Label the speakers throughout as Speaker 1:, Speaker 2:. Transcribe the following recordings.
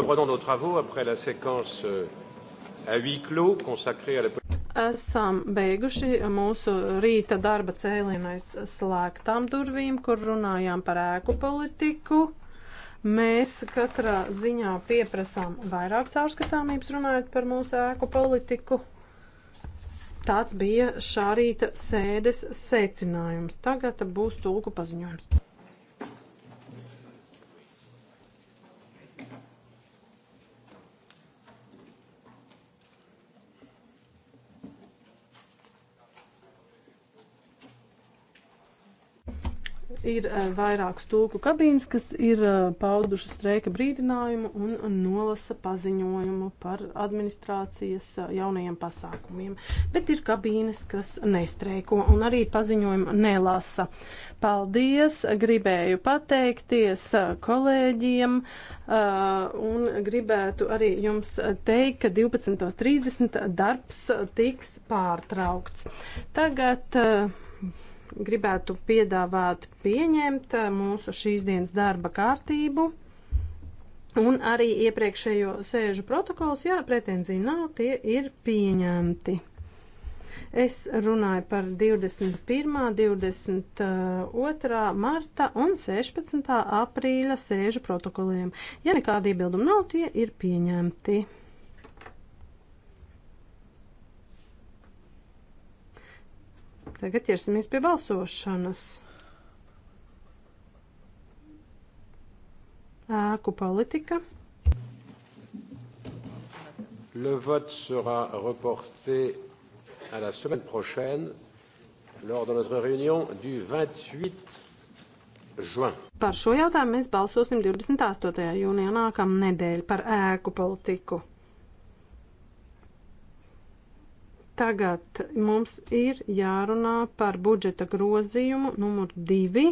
Speaker 1: reprenons nos travaux après la séquence euh, à huis clos consacrée à la
Speaker 2: Esam beiguši mūsu rīta darba cēlienais slēgtām durvīm, kur runājām par ēku politiku. Mēs katrā ziņā pieprasām vairāk caurskatāmības runājot par mūsu ēku politiku. Tāds bija šā rīta sēdes secinājums. Tagad būs tulku paziņojums. ir eh, vairākas tulku kabīnes, kas ir eh, paudušas streika brīdinājumu un nolasa paziņojumu par administrācijas eh, jaunajiem pasākumiem. Bet ir kabīnes, kas nestreiko un arī paziņojumu nelasa. Paldies! Gribēju pateikties kolēģiem un gribētu arī jums teikt, ka 12.30 darbs tiks pārtraukts. Tagad gribētu piedāvāt pieņemt mūsu šīs dienas darba kārtību. Un arī iepriekšējo sēžu protokols, jā, pretenzija nav, tie ir pieņemti. Es runāju par 21., 22. marta un 16. aprīļa sēžu protokoliem. Ja nekāda iebilduma nav, tie ir pieņemti. Tagad ķersimies pie balsošanas. Ēku politika.
Speaker 1: Le vote sera reporté à la semaine prochaine lors de notre réunion du 28 juin.
Speaker 2: Par šo jautājumu mēs balsosim 28. jūnijā nākamnedēļ par ēku politiku. Tagad mums ir jārunā par budžeta grozījumu numur divi.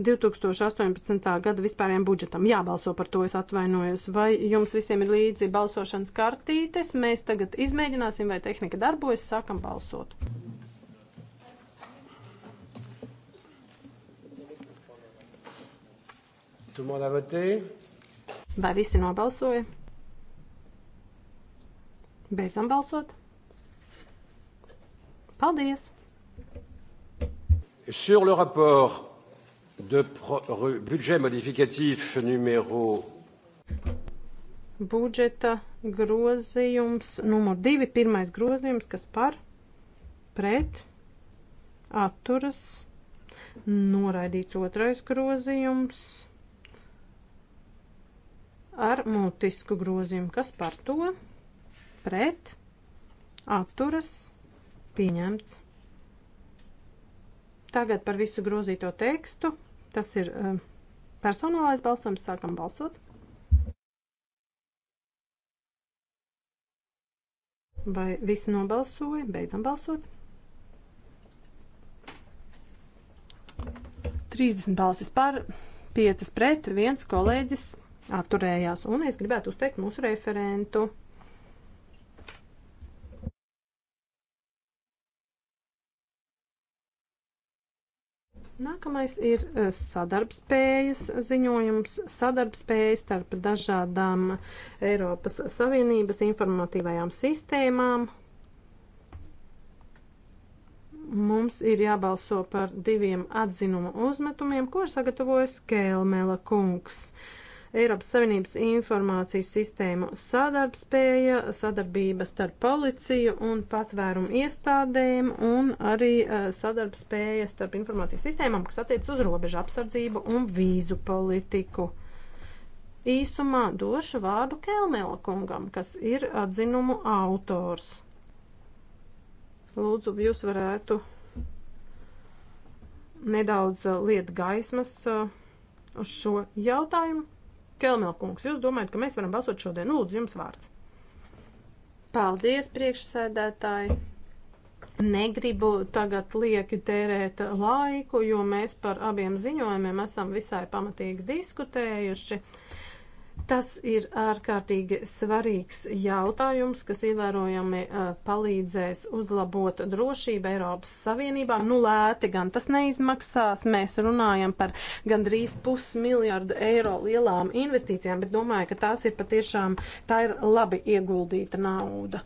Speaker 2: 2018. gada vispārējiem budžetam. Jābalso par to, es atvainojos. Vai jums visiem ir līdzi balsošanas kartītes? Mēs tagad izmēģināsim, vai tehnika darbojas, sākam balsot. Vai visi nobalsoja? Beidzam balsot. Paldies!
Speaker 1: Sur le rapport de pro, budget modifikatīf numero.
Speaker 2: Budžeta grozījums numur divi, pirmais grozījums, kas par, pret, atturas, noraidīts otrais grozījums ar mutisku grozījumu, kas par to, pret, atturas, Pieņemts. Tagad par visu grozīto tekstu. Tas ir um, personālais balsojums. Sākam balsot. Vai visi nobalsoja? Beidzam balsot. 30 balsis par, 5 pret, 1 kolēģis atturējās. Un es gribētu uzteikt mūsu referentu. Nākamais ir eh, sadarbspējas ziņojums, sadarbspējas starp dažādām Eiropas Savienības informatīvajām sistēmām. Mums ir jābalso par diviem atzinuma uzmetumiem, ko ir sagatavojis Kēlmela kungs. Uh, Eiropas Savienības informācijas sistēmu sadarbspēja, sadarbība starp policiju un patvērumu iestādēm un arī eh, sadarbspēja starp informācijas sistēmām, kas attiec uz robežu apsardzību un vīzu politiku. Īsumā došu vārdu Kelmela kungam, kas ir atzinumu autors. Lūdzu, jūs varētu nedaudz liet gaismas eh, uz šo jautājumu. Kelmelkungs, jūs domājat, ka mēs varam balsot šodien? Lūdzu, jums vārds. Paldies, priekšsēdētāji! Negribu tagad lieki tērēt laiku, jo mēs par abiem ziņojumiem esam visai pamatīgi diskutējuši. Uh, Tas ir ārkārtīgi svarīgs jautājums, kas ievērojami palīdzēs uzlabot drošību Eiropas Savienībā. Nu, lēti gan tas neizmaksās. Mēs runājam par gandrīz pusmiljardu eiro lielām investīcijām, bet domāju, ka tās ir patiešām, tā ir labi ieguldīta nauda.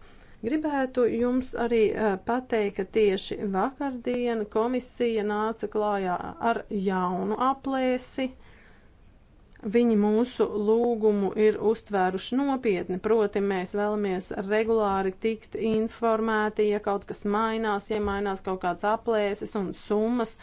Speaker 2: Gribētu jums arī pateikt, ka tieši vakardien komisija nāca klājā ar jaunu aplēsi Viņi mūsu lūgumu ir uztvēruši nopietni, proti mēs vēlamies regulāri tikt informēti, ja kaut kas mainās, ja mainās kaut kāds aplēses un summas,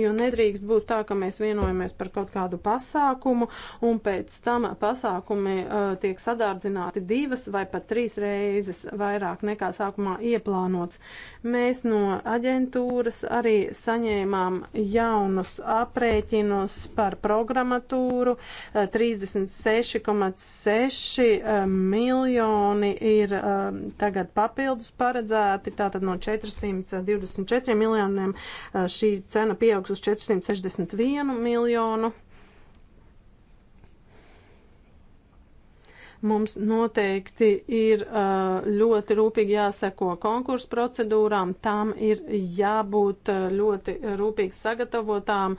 Speaker 2: jo nedrīkst būt tā, ka mēs vienojamies par kaut kādu pasākumu un pēc tam pasākumi uh, tiek sadārdzināti divas vai pat trīs reizes vairāk nekā sākumā ieplānots. Mēs no aģentūras arī saņēmām jaunus aprēķinus par programmatūru, 36,6 eh, eh, miljoni ir eh, tagad papildus paredzēti, tātad no 424 miljoniem šī cena pieaugs uz 461 miljonu. Mums noteikti ir uh, ļoti rūpīgi jāseko konkursu procedūrām, tām ir jābūt uh, ļoti rūpīgi sagatavotām,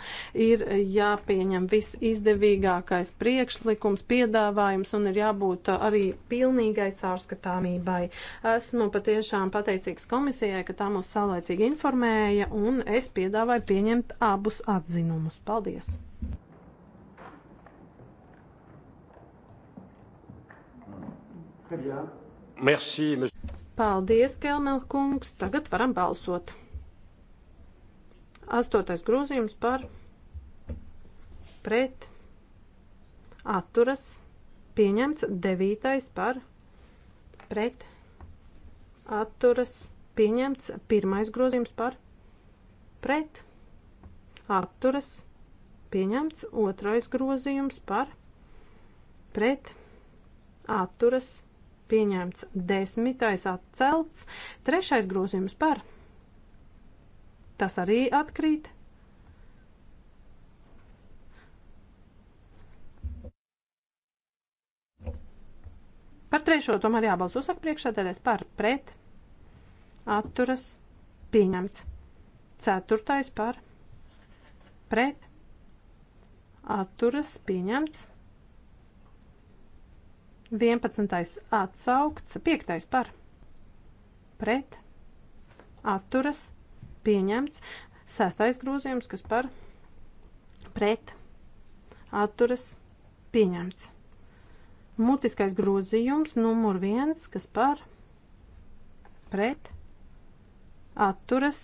Speaker 2: ir jāpieņem viss izdevīgākais priekšlikums, piedāvājums un ir jābūt uh, arī pilnīgai caurskatāmībai. Esmu patiešām pateicīgs komisijai, ka tā mūs saulēcīgi informēja un es piedāvāju pieņemt abus atzinumus. Paldies! Merci, Paldies, Kelmel kungs. Tagad varam balsot. Astotais grozījums par pret atturas pieņemts. Devītais par pret atturas pieņemts. Pirmais grozījums par pret atturas pieņemts. Otrais grozījums par pret atturas pieņemts atturas pieņemts, desmitais atcelts, trešais grozījums par. Tas arī atkrīt. Par trešo tomēr jābalso saka priekšsēdētājs par pret, atturas, pieņemts. Ceturtais par pret, atturas, pieņemts. 11. atsaukts, 5. par pret atturas pieņemts, 6. grozījums, kas par pret atturas pieņemts. Mutiskais grozījums numur 1, kas par pret atturas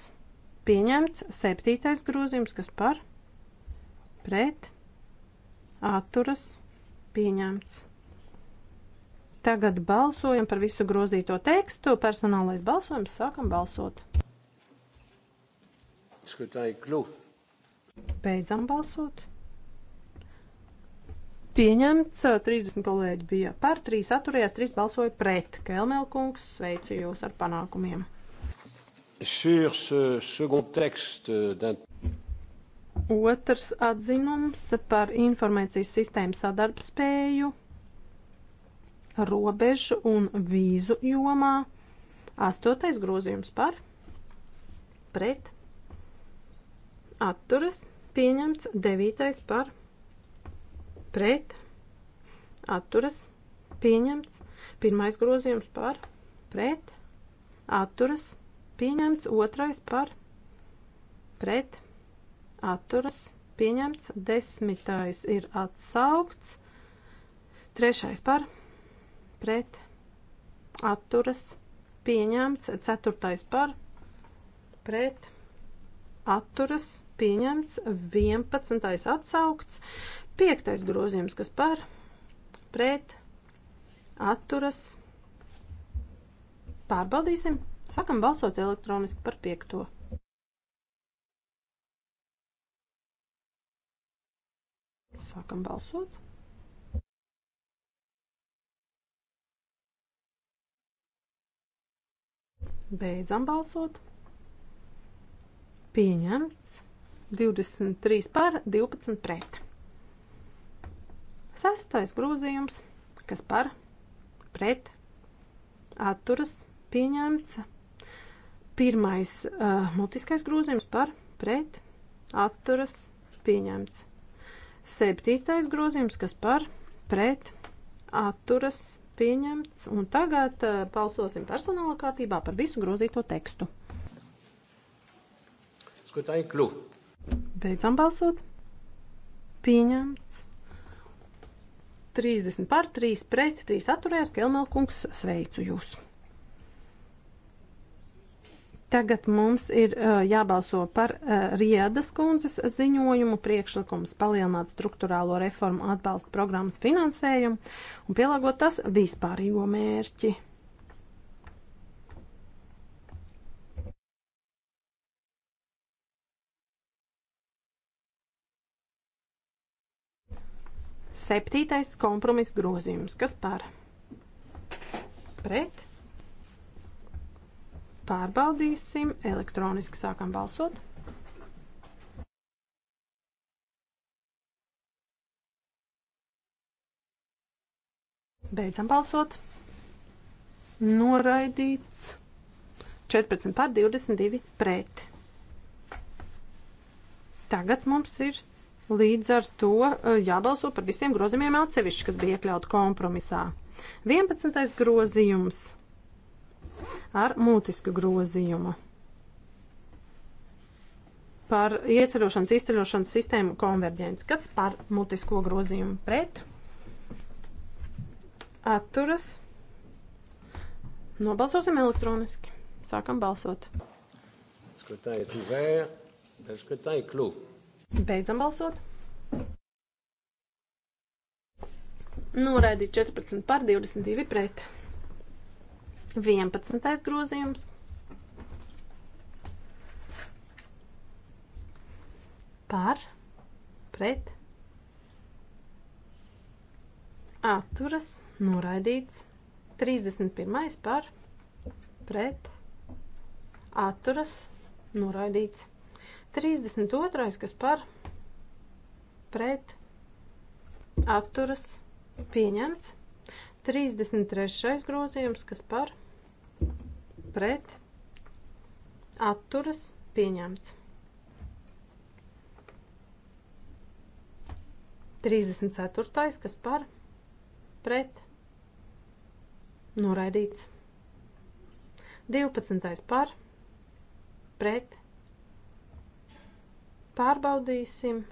Speaker 2: pieņemts, 7. grozījums, kas par pret atturas pieņemts. Tagad balsojam par visu grozīto tekstu. Personālais balsojums sākam balsot. Beidzam balsot. Pieņemts, 30 kolēģi bija par, 3 atturējās, 3 balsoja pret. Kēlmelkungs, sveicu jūs ar panākumiem.
Speaker 1: Sur ce second texte d'un
Speaker 2: Otrs atzinums par informācijas sistēmu sadarbspēju robežu un vīzu jomā. Astotais grozījums par pret atturas pieņemts. Devītais par pret atturas pieņemts. Pirmais grozījums par pret atturas pieņemts. Otrais par pret atturas pieņemts. Desmitais ir atsaukts. Trešais par pret pret atturas pieņemts. Ceturtais par pret atturas pieņemts. Vienpadsmitais atsaukts. Piektais grozījums, kas par pret atturas pārbaudīsim. Sakam balsot elektroniski par piekto. Sākam balsot. Beidzam balsot. Pieņemts. 23 par, 12 pret. Sastais grozījums, kas par, pret, atturas, pieņemts. Pirmais uh, mutiskais grozījums par, pret, atturas, pieņemts. Septītais grozījums, kas par, pret, atturas, pieņemts pieņemts. Un tagad eh, balsosim personāla kārtībā par visu grozīto tekstu. Skatāji kļu. Beidzam balsot. Pieņemts. 30 par, 3 pret, 3 atturējās. Kelmelkungs, sveicu jūs! Tagad mums ir uh, jābalso par uh, Riedas kundzes ziņojumu priekšlikums palielināt struktūrālo reformu atbalsta programmas finansējumu un pielāgot tas vispārīgo mērķi. Septītais kompromiss grozījums. Kas par? Pret? Pārbaudīsim elektroniski sākam balsot. Beidzam balsot. Noraidīts 14 pār 22 pret. Tagad mums ir līdz ar to e, jābalso par visiem grozījumiem atsevišķi, kas bija iekļauti kompromisā. 11. grozījums ar mūtisku grozījumu par iecerošanas izceļošanas sistēmu konverģents. Kas par mutisko grozījumu pret? Atturas. Nobalsosim elektroniski. Sākam balsot.
Speaker 1: Skatājiet, vēr, skatājiet, klū.
Speaker 2: Beidzam balsot. Noraidīt 14 par 22 pret. 11. grozījums. Par, pret, atturas, noraidīts. 31. par, pret, atturas, noraidīts. 32. kas par, pret, atturas, pieņemts. 33. grozījums, kas par, pret pret atturas pieņemts. 34. kas par pret noraidīts. 12. par pret pārbaudīsim.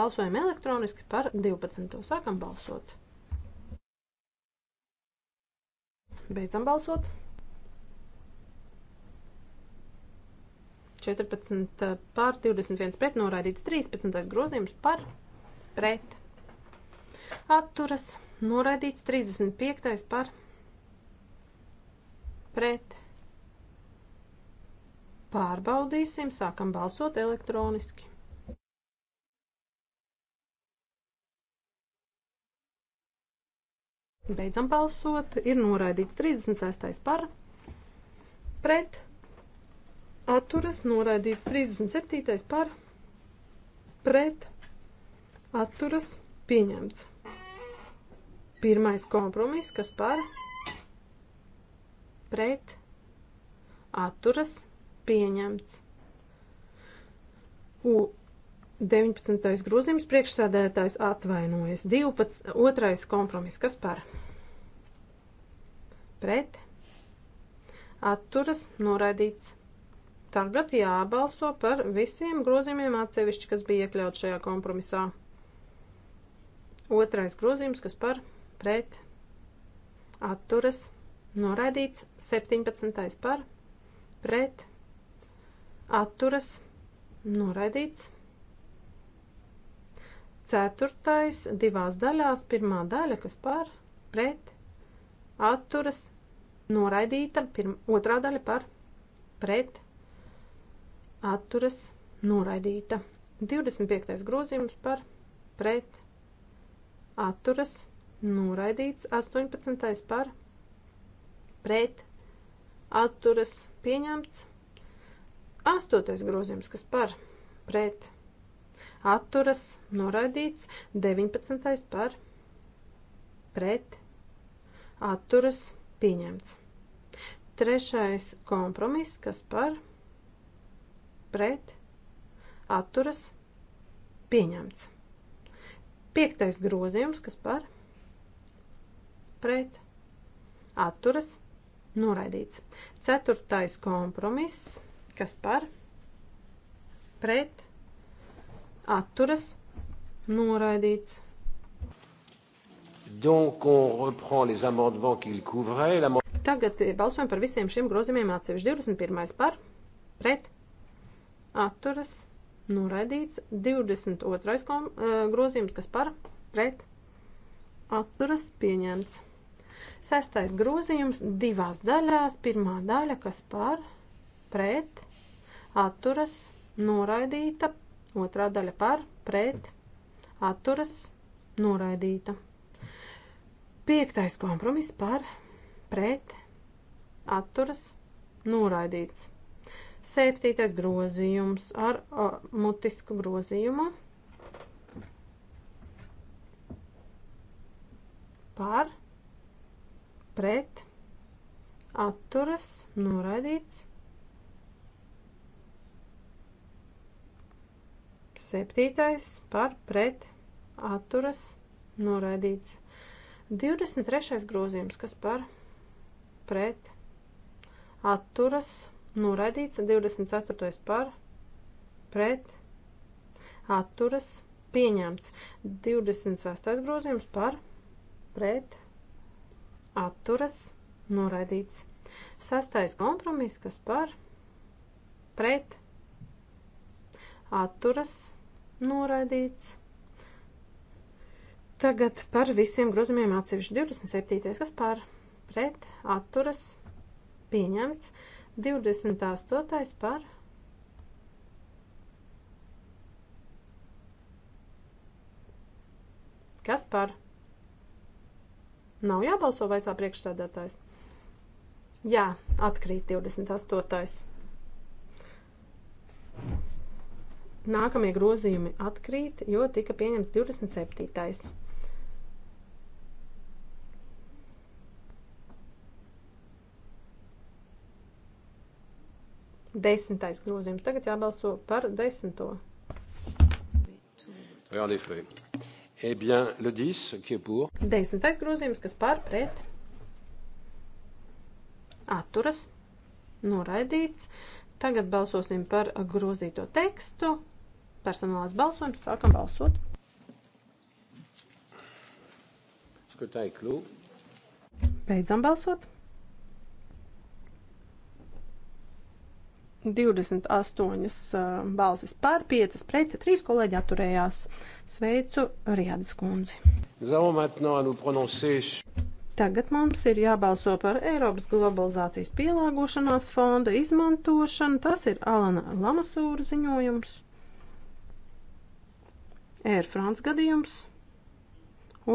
Speaker 2: Balsojam elektroniski par 12. Sākam balsot. Beidzam balsot. 14 par, 21 pret, noraidīts 13. grozījums par, pret, atturas, noraidīts 35. par, pret. Pārbaudīsim, sākam balsot elektroniski. Beidzam balsot, ir noraidīts 36. par, pret, pret atturas noraidīts 37. par pret atturas pieņemts. Pirmais kompromiss, kas par pret atturas pieņemts. U 19. grozījums priekšsēdētājs atvainojas. 12. otrais kompromiss, kas par pret atturas noraidīts 37 Tagad jābalso par visiem grozījumiem atsevišķi, kas bija iekļauts šajā kompromisā. Otrais grozījums, kas par pret atturas noraidīts, 17. par pret atturas noraidīts. Ceturtais divās daļās, pirmā daļa, kas par pret atturas noraidīta, pirma, otrā daļa par pret atturas noraidīta. 25. grozījums par pret atturas noraidīts. 18. par pret atturas pieņemts. 8. grozījums, kas par pret atturas noraidīts. 19. par pret atturas pieņemts. Trešais kompromiss, kas par pret pret, atturas, pieņemts. Piektais grozījums, kas par, pret, atturas, noraidīts. Ceturtais kompromiss, kas par, pret, atturas, noraidīts.
Speaker 1: Donc on reprend les amendements qu'il couvrait.
Speaker 2: Tagad eh, balsojam par visiem šiem grozījumiem atsevišķi 21. par, pret, atturas noraidīts. 22. Kom, eh, grozījums, kas par pret atturas pieņemts. Sestais grozījums divās daļās. Pirmā daļa, kas par pret atturas noraidīta. Otrā daļa par pret atturas noraidīta. Piektais kompromiss par pret atturas noraidīts. Septītais grozījums ar o, mutisku grozījumu par, pret, atturas, noraidīts. Septītais par, pret, atturas, noraidīts. 23. grozījums, kas par, pret, atturas, noraidīts Noraidīts 24. par pret atturas pieņemts. 26. grozījums par pret atturas noraidīts. 6. kompromiss, kas par pret atturas noraidīts. Tagad par visiem grozījumiem atsevišķi 27. kas par pret atturas pieņemts. 28. par Kas par? Nav jābalso vaicā priekšsēdētājs. Jā, atkrīt 28. Nākamie grozījumi atkrīt, jo tika pieņemts 27. Desmitais grozījums. Tagad jābalso par desmito.
Speaker 1: Jā, Eh bien, le 10, qui est pour?
Speaker 2: Desmitais grozījums, kas par pret atturas noraidīts. Tagad balsosim par grozīto tekstu. Personālās balsojums, sākam balsot.
Speaker 1: Skatāj klū.
Speaker 2: Beidzam balsot. 28 eh, balsis par, 5 pret, 3 kolēģi atturējās. Sveicu Riadas kundzi. Tagad mums ir jābalso par Eiropas globalizācijas pielāgošanās fonda izmantošanu. Tas ir Alana Lamasūra ziņojums. Air France gadījums.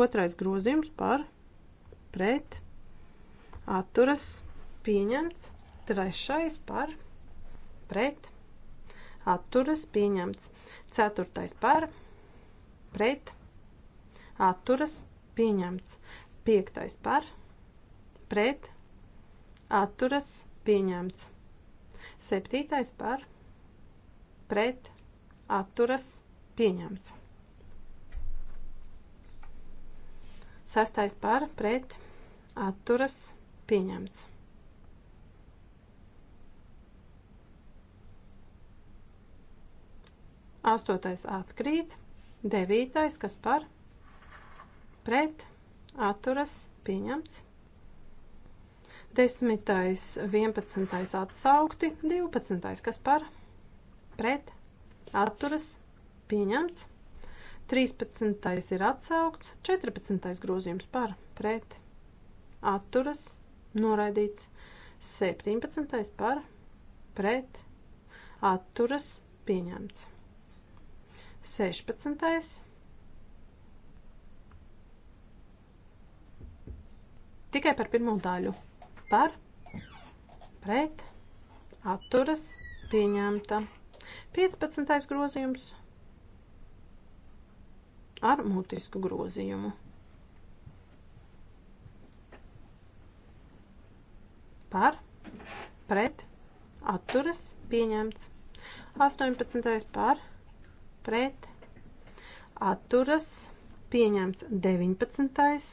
Speaker 2: Otrais grozījums par pret atturas pieņemts. Trešais par pret pret, atturas pieņemts. Ceturtais par, pret, atturas pieņemts. Piektais par, pret, atturas pieņemts. Septītais par, pret, atturas pieņemts. Sastais par, pret, atturas pieņemts. Astotais atkrīt. Devītais, kas par pret atturas pieņemts. Desmitais, vienpadsmitais atsaukti. Divpadsmitais, kas par pret atturas pieņemts. 13. ir atsaukts, 14. grozījums par pret atturas noraidīts, 17. par pret atturas pieņemts. 16. Tikai par pirmo daļu. Par, pret, atturas, pieņemta. 15. grozījums ar mutisku grozījumu. Par, pret, atturas, pieņemts. 18. par, pret atturas pieņemts 19.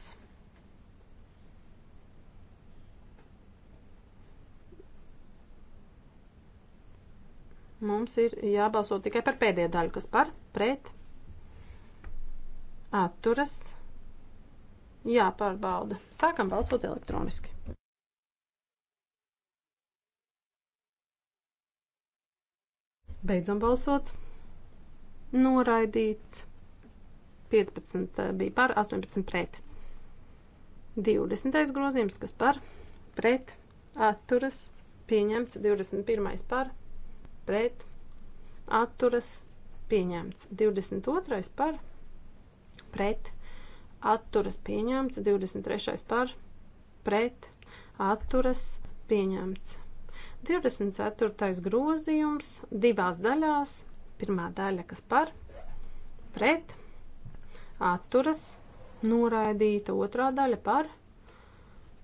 Speaker 2: Mums ir jābalso tikai par pēdējo daļu, kas par pret atturas jāpārbauda. Sākam balsot elektroniski. Beidzam balsot noraidīts. 15 eh, bija par, 18 pret. 20. grozījums, kas par, pret, atturas, pieņemts. 21. par, pret, atturas, pieņemts. 22. par, pret, atturas, pieņemts. 23. par, pret, atturas, pieņemts. 24. grozījums divās daļās Pirmā daļa, kas par, pret, atturas, noraidīta. Otrā daļa par,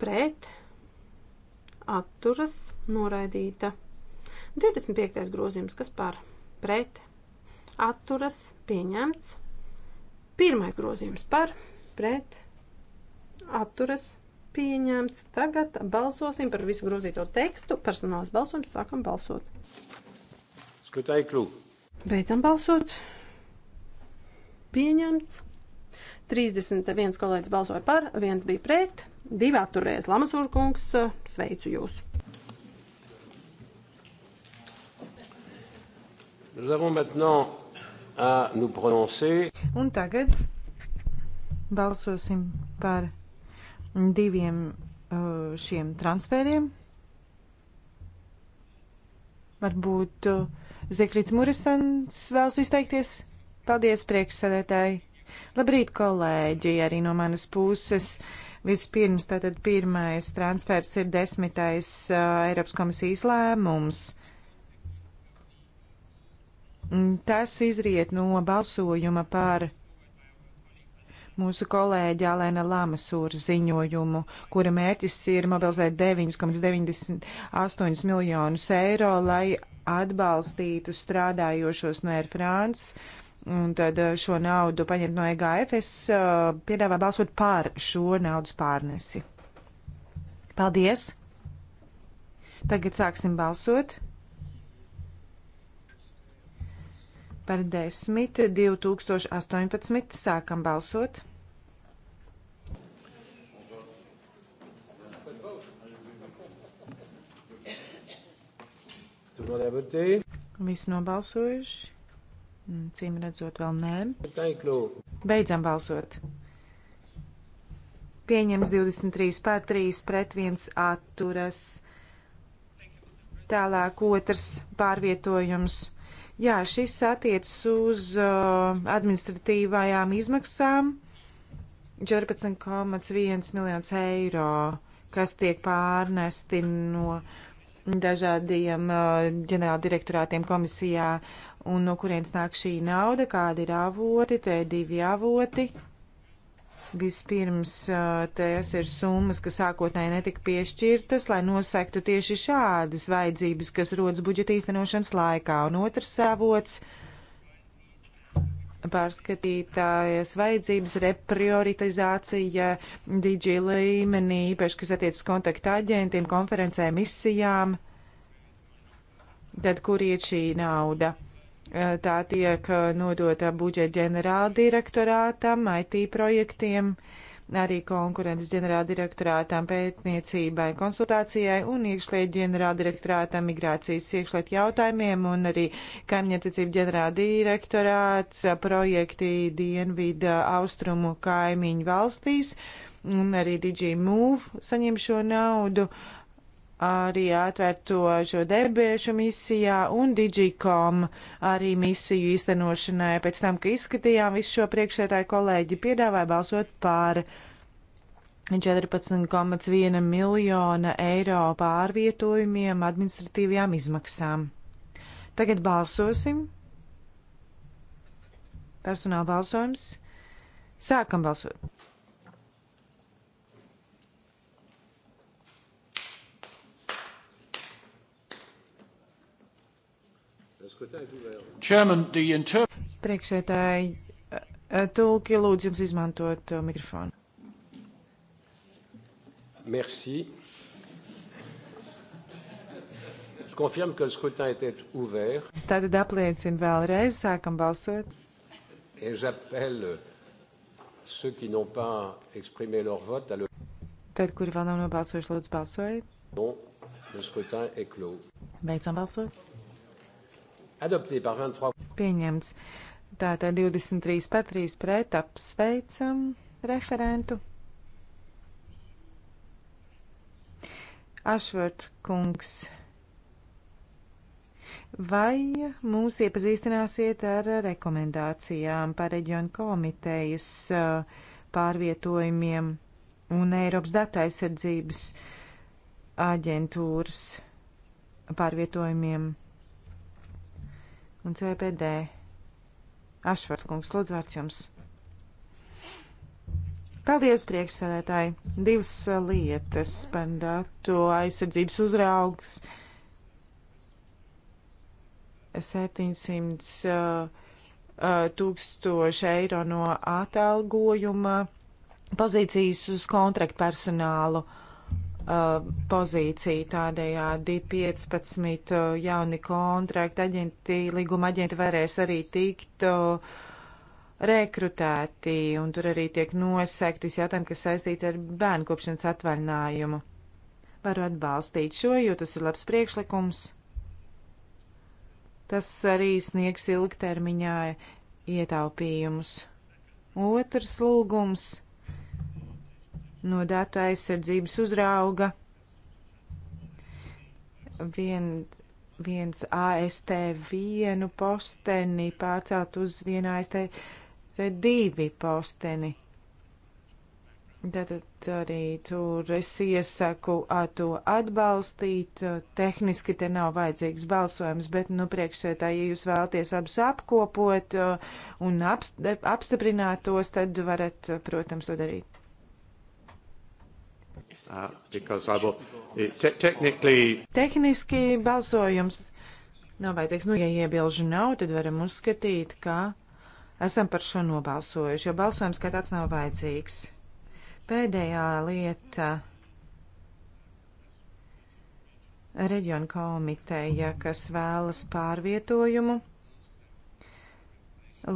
Speaker 2: pret, atturas, noraidīta. 25. grozījums, kas par, pret, atturas, pieņemts. Pirmais grozījums par, pret, atturas, pieņemts. Tagad balsosim par visu grozīto tekstu. Personāls balsojums sākam balsot.
Speaker 1: Skatāju klūku.
Speaker 2: Beidzam balsot. Pieņemts. 31 kolēģis balsoja par, viens bija pret, divi atturējās. Lamasūra kungs, sveicu jūs!
Speaker 1: Nous avons maintenant à nous prononcer.
Speaker 3: Un tagad balsosim par diviem uh, šiem transferiem. Varbūt uh, Zikrids Murisans vēlas izteikties. Paldies, priekšsēdētāji! Labrīt, kolēģi, arī no manas puses. Vispirms, tātad pirmais transfers ir desmitais uh, Eiropas komisijas lēmums. Tas izriet no balsojuma par mūsu kolēģa Alēna Lamasūra ziņojumu, kura mērķis ir mobilizēt 9,98 miljonus eiro, lai atbalstītu strādājošos no Air France. Un tad eh, šo naudu paņemt no EGF. Es uh, piedāvāju balsot par šo naudas pārnesi. Paldies! Tagad sāksim balsot. Par 10, 2018 sākam balsot. Visi nobalsojuši. Cīm redzot, vēl
Speaker 1: nē.
Speaker 3: Beidzam balsot. Pieņems 23 pār 3 pret 1 atturas. Tālāk otrs pārvietojums. Jā, šis attiecas uz uh, administratīvajām izmaksām 14,1 miljonus eiro, kas tiek pārnesti no. Uh, dažādiem eh, ģenerāldirektorātiem komisijā un no kurienes nāk šī nauda, kādi ir avoti, te ir divi avoti. Vispirms eh, tās ir summas, kas sākotnēji netika piešķirtas, lai nosektu tieši šādas vajadzības, kas rodas budžeta īstenošanas laikā, un otrs avots. Uh, pārskatītājas vajadzības, reprioritizācija DG līmenī, īpaši, kas attiec uz kontaktu aģentiem, konferencēm, misijām, tad kur iet šī nauda? Eh, tā tiek eh, nodota budžeta ģenerāldirektorātam, IT projektiem. Uh, arī konkurences ģenerāldirektorātām pētniecībai, konsultācijai un iekšlietu ģenerāldirektorātām migrācijas iekšlietu jautājumiem un arī kaimiņattiecību ģenerāldirektorāts projekti Dienvida austrumu kaimiņu valstīs un arī DigiMove saņem šo naudu. Uh, arī atvērto šo debiešu misijā un Digicom arī misiju īstenošanai. Pēc tam, ka izskatījām visu šo priekšsētāju kolēģi, piedāvāja balsot par 14,1 miljona eiro pārvietojumiem administratīvajām izmaksām. Tagad balsosim. Personāla balsojums. Sākam balsot. Priekšētāji, eh, tulki lūdzu jums izmantot eh, mikrofonu.
Speaker 1: Merci. Je confirme que le scrutin était ouvert.
Speaker 3: Tātad apliecinu vēlreiz, sākam balsot.
Speaker 1: Et j'appelle ceux qui n'ont pas exprimé leur vote à le...
Speaker 3: Tad, kuri vēl nav nobalsojuši, lūdzu balsojiet.
Speaker 1: Bon, le scrutin est clos.
Speaker 3: Beidzam balsot.
Speaker 1: Pieņemts.
Speaker 3: Tātad 23 par 3 pret apsveicam referentu. Ašvart kungs, vai mūs iepazīstināsiet ar rekomendācijām par reģionu komitejas uh, pārvietojumiem un Eiropas datu aizsardzības aģentūras pārvietojumiem? un CPD. Ašvart kungs, lūdzu vārds jums. Paldies, priekšsēdētāji. Divas lietas par datu aizsardzības uzraugs. 700 uh, uh, tūkstoši eiro no atalgojuma pozīcijas uz kontraktu personālu. Uh, Uh, pozīciju tādējādi 15 uh, jauni kontrakti aģenti, līguma aģenti varēs arī tikt uh, rekrutēti, un tur arī tiek nosektis jautājumi, kas saistīts ar bērnu kopšanas atvaļinājumu. Varu atbalstīt šo, jo tas ir labs priekšlikums. Tas arī sniegs ilgtermiņā ietaupījumus. Otrs lūgums no datu aizsardzības uzrauga. Vien, viens AST vienu posteni pārcelt uz vienu AST divi posteni. Tātad arī tur es iesaku to atbalstīt. Tehniski te nav vajadzīgs balsojums, bet, nu, priekšsētāji, ja jūs vēlaties abus apkopot uh, un apstiprināt tos, tad varat, uh, protams, to darīt. Uh,
Speaker 1: will, te technically...
Speaker 3: Tehniski balsojums nav vajadzīgs. Nu, ja iebilžu nav, tad varam uzskatīt, ka esam par šo nobalsojuši, jo balsojums kā tāds nav vajadzīgs. Pēdējā lieta - reģiona komiteja, kas vēlas pārvietojumu.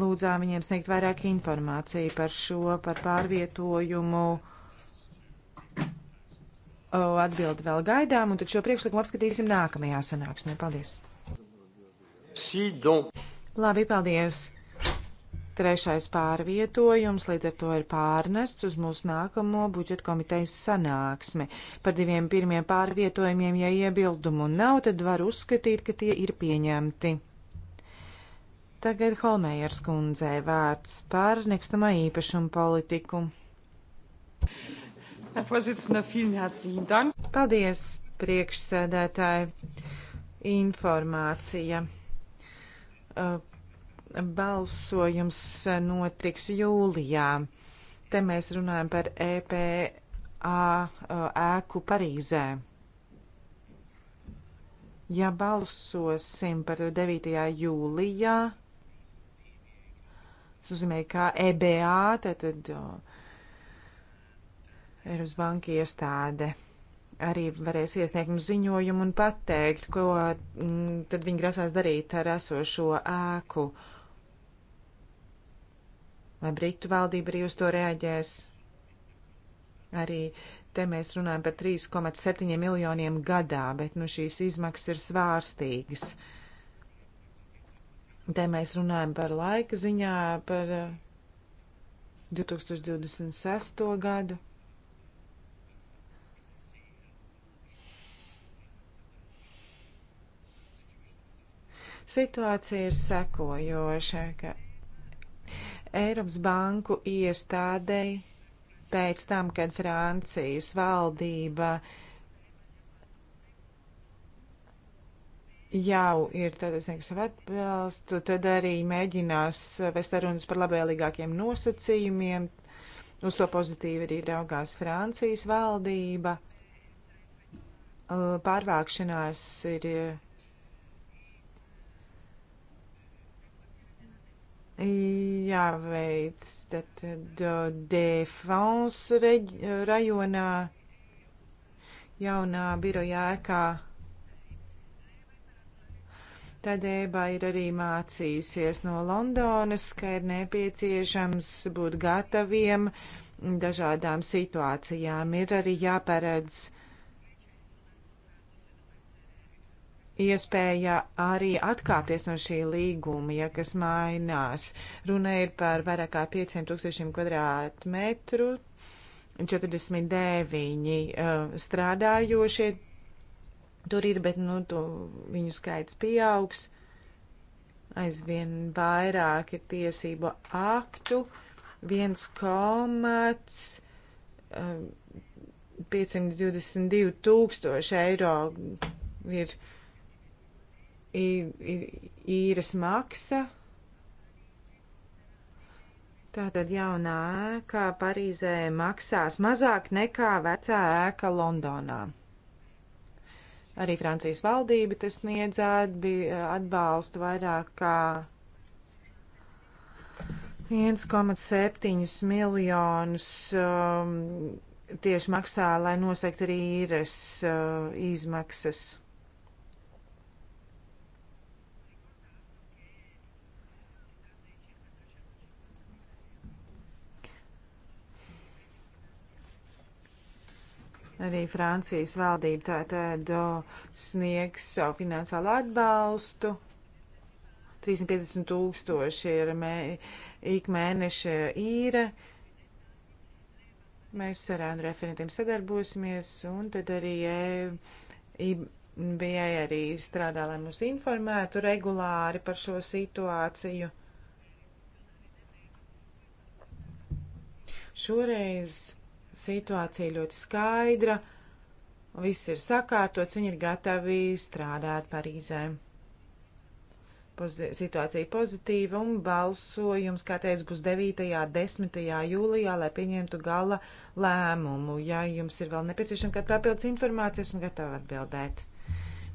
Speaker 3: Lūdzām viņiem sniegt vairāk informāciju par šo, par pārvietojumu atbildi vēl gaidām, un tad šo priekšlikumu apskatīsim nākamajā sanāksmē. Paldies!
Speaker 1: Sidon.
Speaker 3: Labi, paldies! Trešais pārvietojums līdz ar to ir pārnests uz mūsu nākamo budžeta komitejas sanāksmi. Par diviem pirmiem pārvietojumiem, ja iebildumu nav, tad var uzskatīt, ka tie ir pieņemti. Tagad Holmējers kundzei vārds par nekustamā īpašuma politiku.
Speaker 4: Paldies,
Speaker 3: priekšsēdētāji. Informācija. Uh, balsojums notiks jūlijā. Te mēs runājam par EPA uh, ēku Parīzē. Ja balsosim par 9. jūlijā, tas nozīmē, ka EBA, tad, tad uh, Eiropas Banka iestāde arī varēs iesniegt mums ziņojumu un pateikt, ko m, mm, tad viņi grasās darīt ar esošo ēku. Vai Britu valdība arī uz to reaģēs? Arī te mēs runājam par 3,7 miljoniem gadā, bet nu šīs izmaksas ir svārstīgas. Te mēs runājam par laika ziņā, par 2026. Eh, gadu. Situācija ir sekojoša, ka Eiropas banku iestādei pēc tam, kad Francijas valdība jau ir tādas savu atbalstu, tad arī mēģinās vest sarunas par labvēlīgākiem nosacījumiem. Uz to pozitīvi arī raugās Francijas valdība. Pārvākšanās ir jāveic tātad Defons rajonā jaunā biroja ēkā. Tad Eba ir arī mācījusies no Londonas, ka ir nepieciešams būt gataviem dažādām situācijām. Ir arī jāparedz iespēja arī atkāpties no šī līguma, ja kas mainās. Runa ir par vairāk kā 5000 kvadrātmetru, 49 uh, eh, strādājošie tur ir, bet nu, to, viņu skaits pieaugs. Aizvien vairāk ir tiesību aktu, 1,522 eh, tūkstoši eiro ir īres maksa. Tātad jaunā ēka Parīzē maksās mazāk nekā vecā ēka Londonā. Arī Francijas valdība tas sniedz atbalstu vairāk kā 1,7 miljonus um, tieši maksā, lai nosegt arī īres uh, izmaksas. Arī Francijas valdība tātad sniegs savu finansiālu atbalstu. 350 tūkstoši ir mē, ik mēneša īra. Mēs ar ēnu referentiem sadarbosimies, un tad arī e, bija arī strādā, lai mūs informētu regulāri par šo situāciju. Šoreiz Situācija ļoti skaidra, viss ir sakārtots, viņi ir gatavi strādāt Parīzē. Pozi situācija pozitīva un balsojums, kā teicu, būs 9. un 10. jūlijā, lai pieņemtu gala lēmumu. Ja jums ir vēl nepieciešama kāda papildus informācija, esmu gatava atbildēt.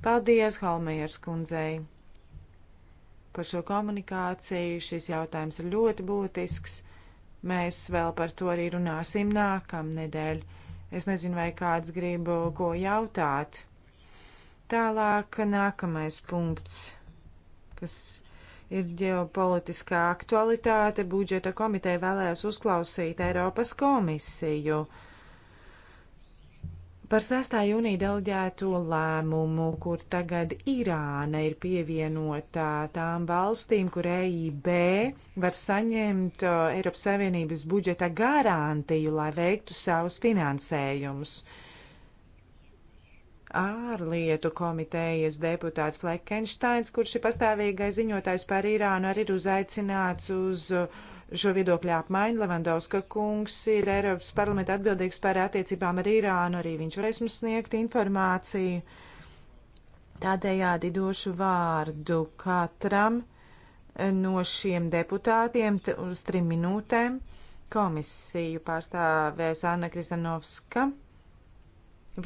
Speaker 3: Paldies Halmejers kundzei par šo komunikāciju. Šis jautājums ir ļoti būtisks. Mēs vēl par to arī runāsim nākamnedēļ. Es nezinu, vai kāds grib ko jautāt. Tālāk nākamais punkts, kas ir ģeopolitiskā aktualitāte. Budžeta komiteja vēlējās uzklausīt Eiropas komisiju. Uh, Par 6. jūnija deleģēto lēmumu, kur tagad Irāna ir pievienota tām valstīm, kur EIB var saņemt uh, Eiropas Savienības budžeta garantiju, lai veiktu savus finansējumus. Ārlietu komitejas deputāts Fleckensteins, kurš ir pastāvīgais ziņotājs par Irānu, arī ir uzaicināts uz uh, šo viedokļu apmaiņu. Levandovska kungs ir Eiropas parlamenta atbildīgs par attiecībām ar Irānu, arī viņš varēs mums sniegt informāciju. Tādējādi došu vārdu katram no šiem deputātiem uz trim minūtēm. Komisiju pārstāvēs Anna Kristanovska.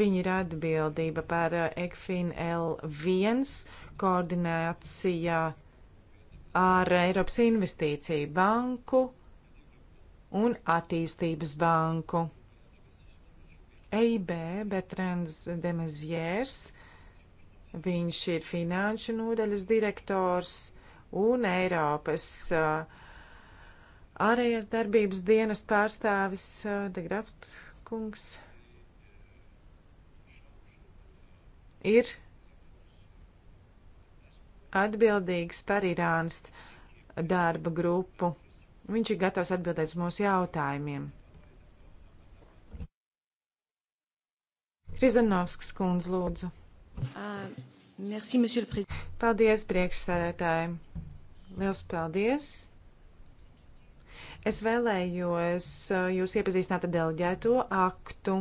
Speaker 3: Viņa ir atbildība par ECFIN L1 koordinācijā ar Eiropas Investīciju banku un attīstības banku. EIB Bertrands Demezjērs, viņš ir finanšu nodaļas direktors un Eiropas uh, ārējās darbības dienas pārstāvis uh, De Graft kungs ir atbildīgs par Irānas darba grupu. Viņš ir gatavs atbildēt uz mūsu jautājumiem. Krizanovskas kundze, lūdzu. Uh, merci, paldies, priekšsēdētāji. Liels paldies. Es vēlējos uh, jūs iepazīstināt ar deleģēto aktu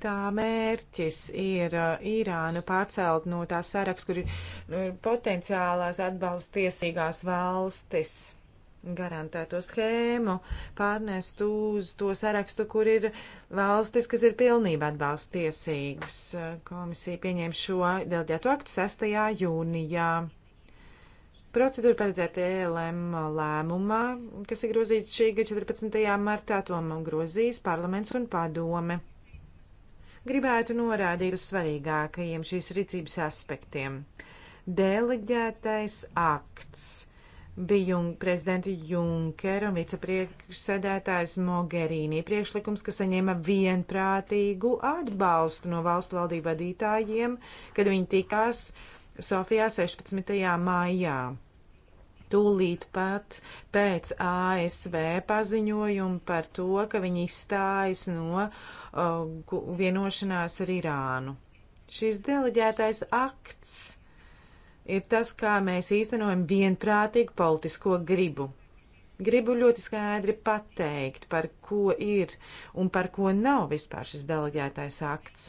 Speaker 3: tā mērķis ir uh, Irānu pārcelt no tā saraksta, kur ir uh, potenciālās atbalstiesīgās valstis garantēto schēmu, pārnest uz to sarakstu, kur ir valstis, kas ir pilnībā atbalstiesīgas. Uh, Komisija pieņēma šo delģētu aktu 6. jūnijā. Procedūra paredzēta ELM lēmumā, kas ir grozīts šī gada 14. martā, tomam grozīs parlaments un padome gribētu norādīt uz svarīgākajiem šīs rīcības aspektiem. Deleģētais akts bija jun, prezidenta Junkera un vicepriekšsēdētājs Mogherīnī priekšlikums, kas saņēma vienprātīgu atbalstu no valstu valdību vadītājiem, kad viņi tikās Sofijā 16. maijā. Tūlīt pat pēc ASV paziņojuma par to, ka viņi izstājas no vienošanās ar Irānu. Šis deleģētais akts ir tas, kā mēs īstenojam vienprātīgu politisko gribu. Gribu ļoti skaidri pateikt, par ko ir un par ko nav vispār šis deleģētais akts.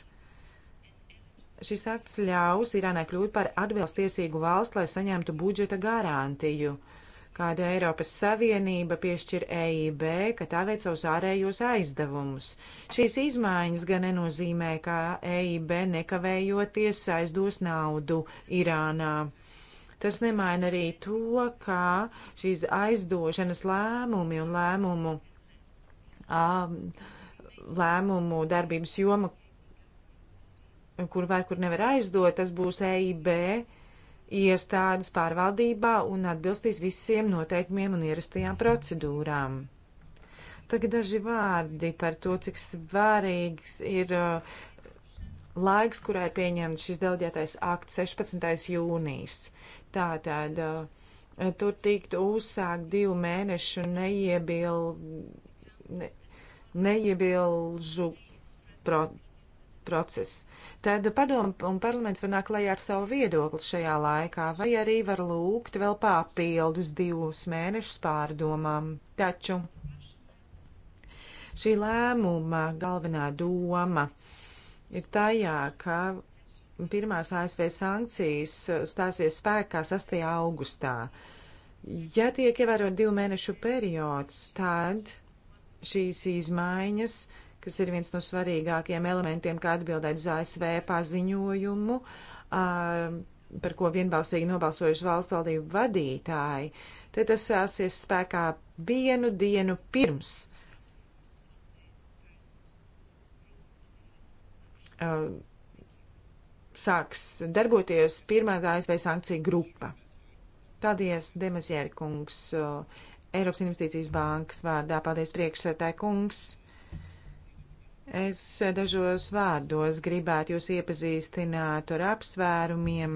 Speaker 3: Šis akts ļaus Irānai kļūt par atbilstiesīgu valstu, lai saņemtu budžeta garantiju. Uh, kādu Eiropas Savienība piešķir EIB, ka tā veic savus ārējos aizdevumus. Šīs izmaiņas gan nenozīmē, ka EIB nekavējoties aizdos naudu Irānā. Tas nemaina arī to, kā šīs aizdošanas lēmumi un lēmumu, um, lēmumu darbības joma, kur var, kur nevar aizdot, tas būs EIB iestādes pārvaldībā un atbilstīs visiem noteikumiem un ierastajām procedūrām. Tagad daži vārdi par to, cik svarīgs ir uh, laiks, kurā ir pieņemts šis delģētais akts 16. jūnijas. Tātad uh, tur tiktu uzsākt divu mēnešu neiebil, ne, neiebilžu pro, procesu tad padomu un parlaments var nākt klajā ar savu viedokli šajā laikā, vai arī var lūgt vēl papildus divus mēnešus pārdomām. Taču šī lēmuma galvenā doma ir tajā, ka pirmās ASV sankcijas stāsies spēkā 6. augustā. Ja tiek ievērot divu mēnešu periods, tad šīs izmaiņas uh, kas ir viens no svarīgākajiem elementiem, kā atbildēt uz ASV paziņojumu, um, par ko vienbalsīgi nobalsojuši valstu valdību vadītāji, tad tas sāksies spēkā vienu dienu pirms. Um, sāks darboties pirmā ASV sankcija grupa. Paldies, Demezjēra kungs, uh, Eiropas Investīcijas bankas vārdā. Paldies, priekšsētāja kungs Es dažos vārdos gribētu jūs iepazīstināt ar apsvērumiem,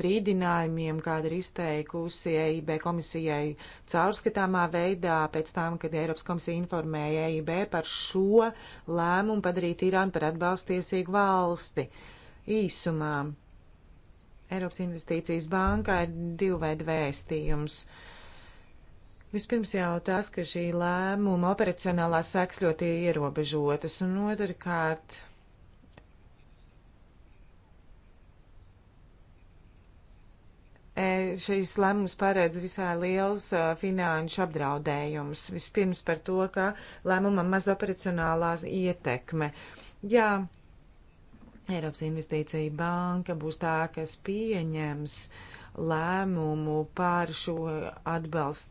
Speaker 3: brīdinājumiem, kāda ir izteikusi EIB komisijai caurskatāmā veidā pēc tam, kad Eiropas komisija informēja EIB par šo lēmumu padarīt Irānu par atbalstiesīgu valsti. Īsumā Eiropas Investīcijas bankā ir divi veidi vēstījums. Uh, Vispirms jau tas, ka šī lēmuma operacionālās sekas ļoti ierobežotas, un otrkārt. E, šīs lēmums paredz visai liels e, finanšu apdraudējums. Vispirms par to, ka lēmumam maz operacionālās ietekme. Jā, Eiropas investīcija banka būs tā, kas pieņems lēmumu par šo atbalstu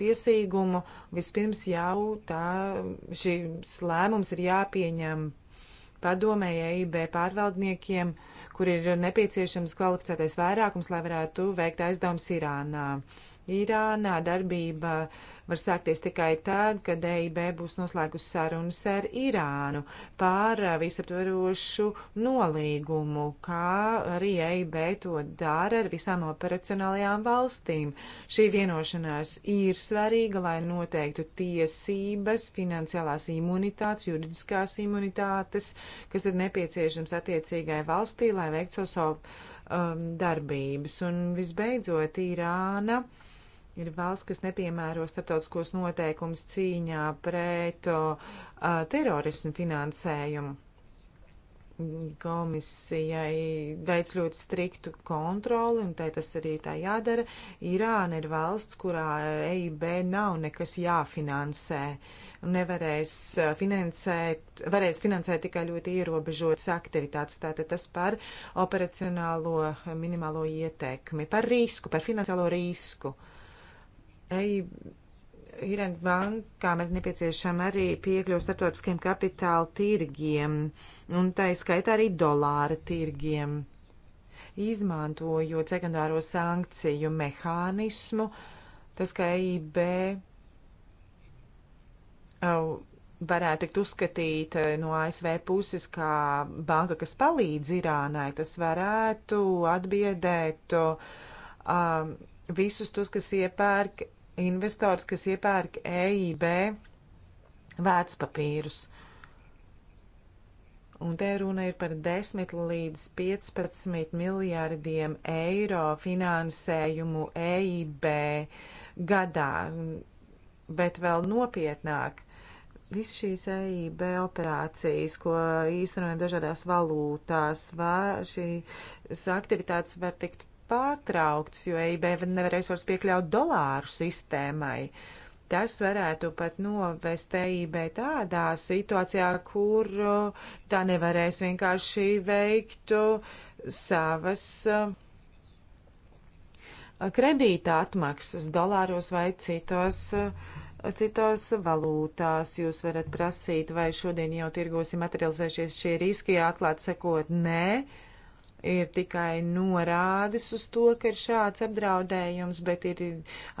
Speaker 3: tiesīgumu, vispirms jau tā, šis lēmums ir jāpieņem padomēja EIB pārvaldniekiem, kur ir nepieciešams kvalificētais vairākums, lai varētu veikt aizdevums Irānā. Irānā darbība uh, var sākties tikai tad, kad EIB būs noslēgusi sarunas ar Irānu par visaptverošu nolīgumu, kā arī EIB to dara ar visām operacionālajām valstīm. Šī vienošanās ir svarīga, lai noteiktu tiesības, finansiālās imunitātes, juridiskās imunitātes, kas ir nepieciešams attiecīgai valstī, lai veiktu savu so, um, darbības. Un visbeidzot, Irāna. Uh, Ir valsts, kas nepiemēro starptautiskos noteikumus cīņā pret uh, terorismu finansējumu. Komisijai veic ļoti striktu kontroli, un tai tas arī tā jādara. Irāna ir valsts, kurā EIB nav nekas jāfinansē. Nevarēs finansēt, varēs finansēt tikai ļoti ierobežotas aktivitātes. Tātad tas par operacionālo minimālo ietekmi, par risku, par finansiālo risku. Uh, Irāņu bankām ir nepieciešama arī piekļuva starptautiskiem kapitāla tirgiem, un tā izskaitā arī dolāra tirgiem, izmantojot sekundāro sankciju mehānismu, tas kā e IB varētu tikt uzskatīta eh, no ASV puses kā banka, kas palīdz Irānai, tas varētu atbiedēt um, visus tos, kas iepērk investors, kas iepērk EIB vērtspapīrus. Un te runa ir par 10 līdz 15 miljārdiem eiro finansējumu EIB gadā, bet vēl nopietnāk. Viss šīs EIB operācijas, ko īstenojam dažādās valūtās, var, šīs aktivitātes var tikt pārtraukts, jo EIB nevarēs vairs piekļaut dolāru sistēmai. Tas varētu pat novest EIB tādā situācijā, kur uh, tā nevarēs vienkārši veikt uh, savas uh, kredīta atmaksas dolāros vai citos uh, citās valūtās. Jūs varat prasīt, vai šodien jau tirgos ir materializējušies šie riski, atklāt sekot nē ir tikai norādes uz to, ka ir šāds apdraudējums, bet ir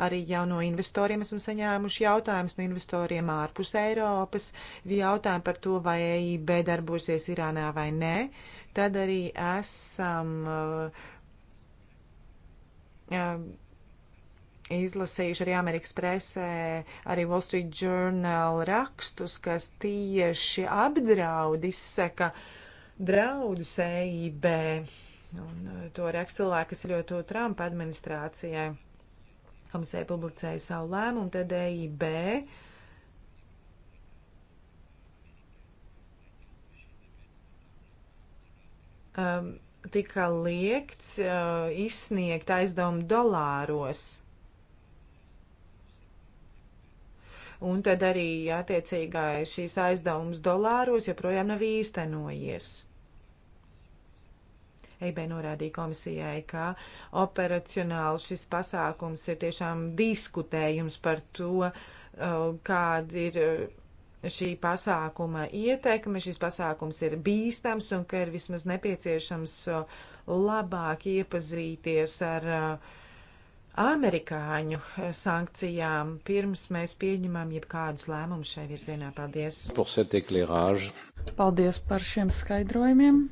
Speaker 3: arī jau no investoriem esam saņēmuši jautājumus no investoriem ārpus Eiropas, jautājumu par to, vai EIB darbosies Irānā vai nē. Tad arī esam. Uh, uh, izlasījuši arī Amerikas presē, arī Wall Street Journal rakstus, kas tieši apdraud, izsaka uh, draudus EIB. Un e, to raksta cilvēki, kas ļoti Trumpa administrācijai. Komisija publicēja savu lēmumu, tad EIB um, tika liekts uh, e, izsniegt aizdevumu dolāros. Un tad arī attiecīgā šīs aizdevums dolāros joprojām nav īstenojies. EIB norādīja komisijai, ka operacionāli šis pasākums ir tiešām diskutējums par to, uh, kāda ir uh, šī pasākuma ietekme, šis pasākums ir bīstams un ka ir vismaz nepieciešams uh, labāk iepazīties ar uh, amerikāņu sankcijām, pirms mēs pieņemam jebkādus lēmumus šai virzienā. Paldies!
Speaker 4: Paldies par šiem skaidrojumiem!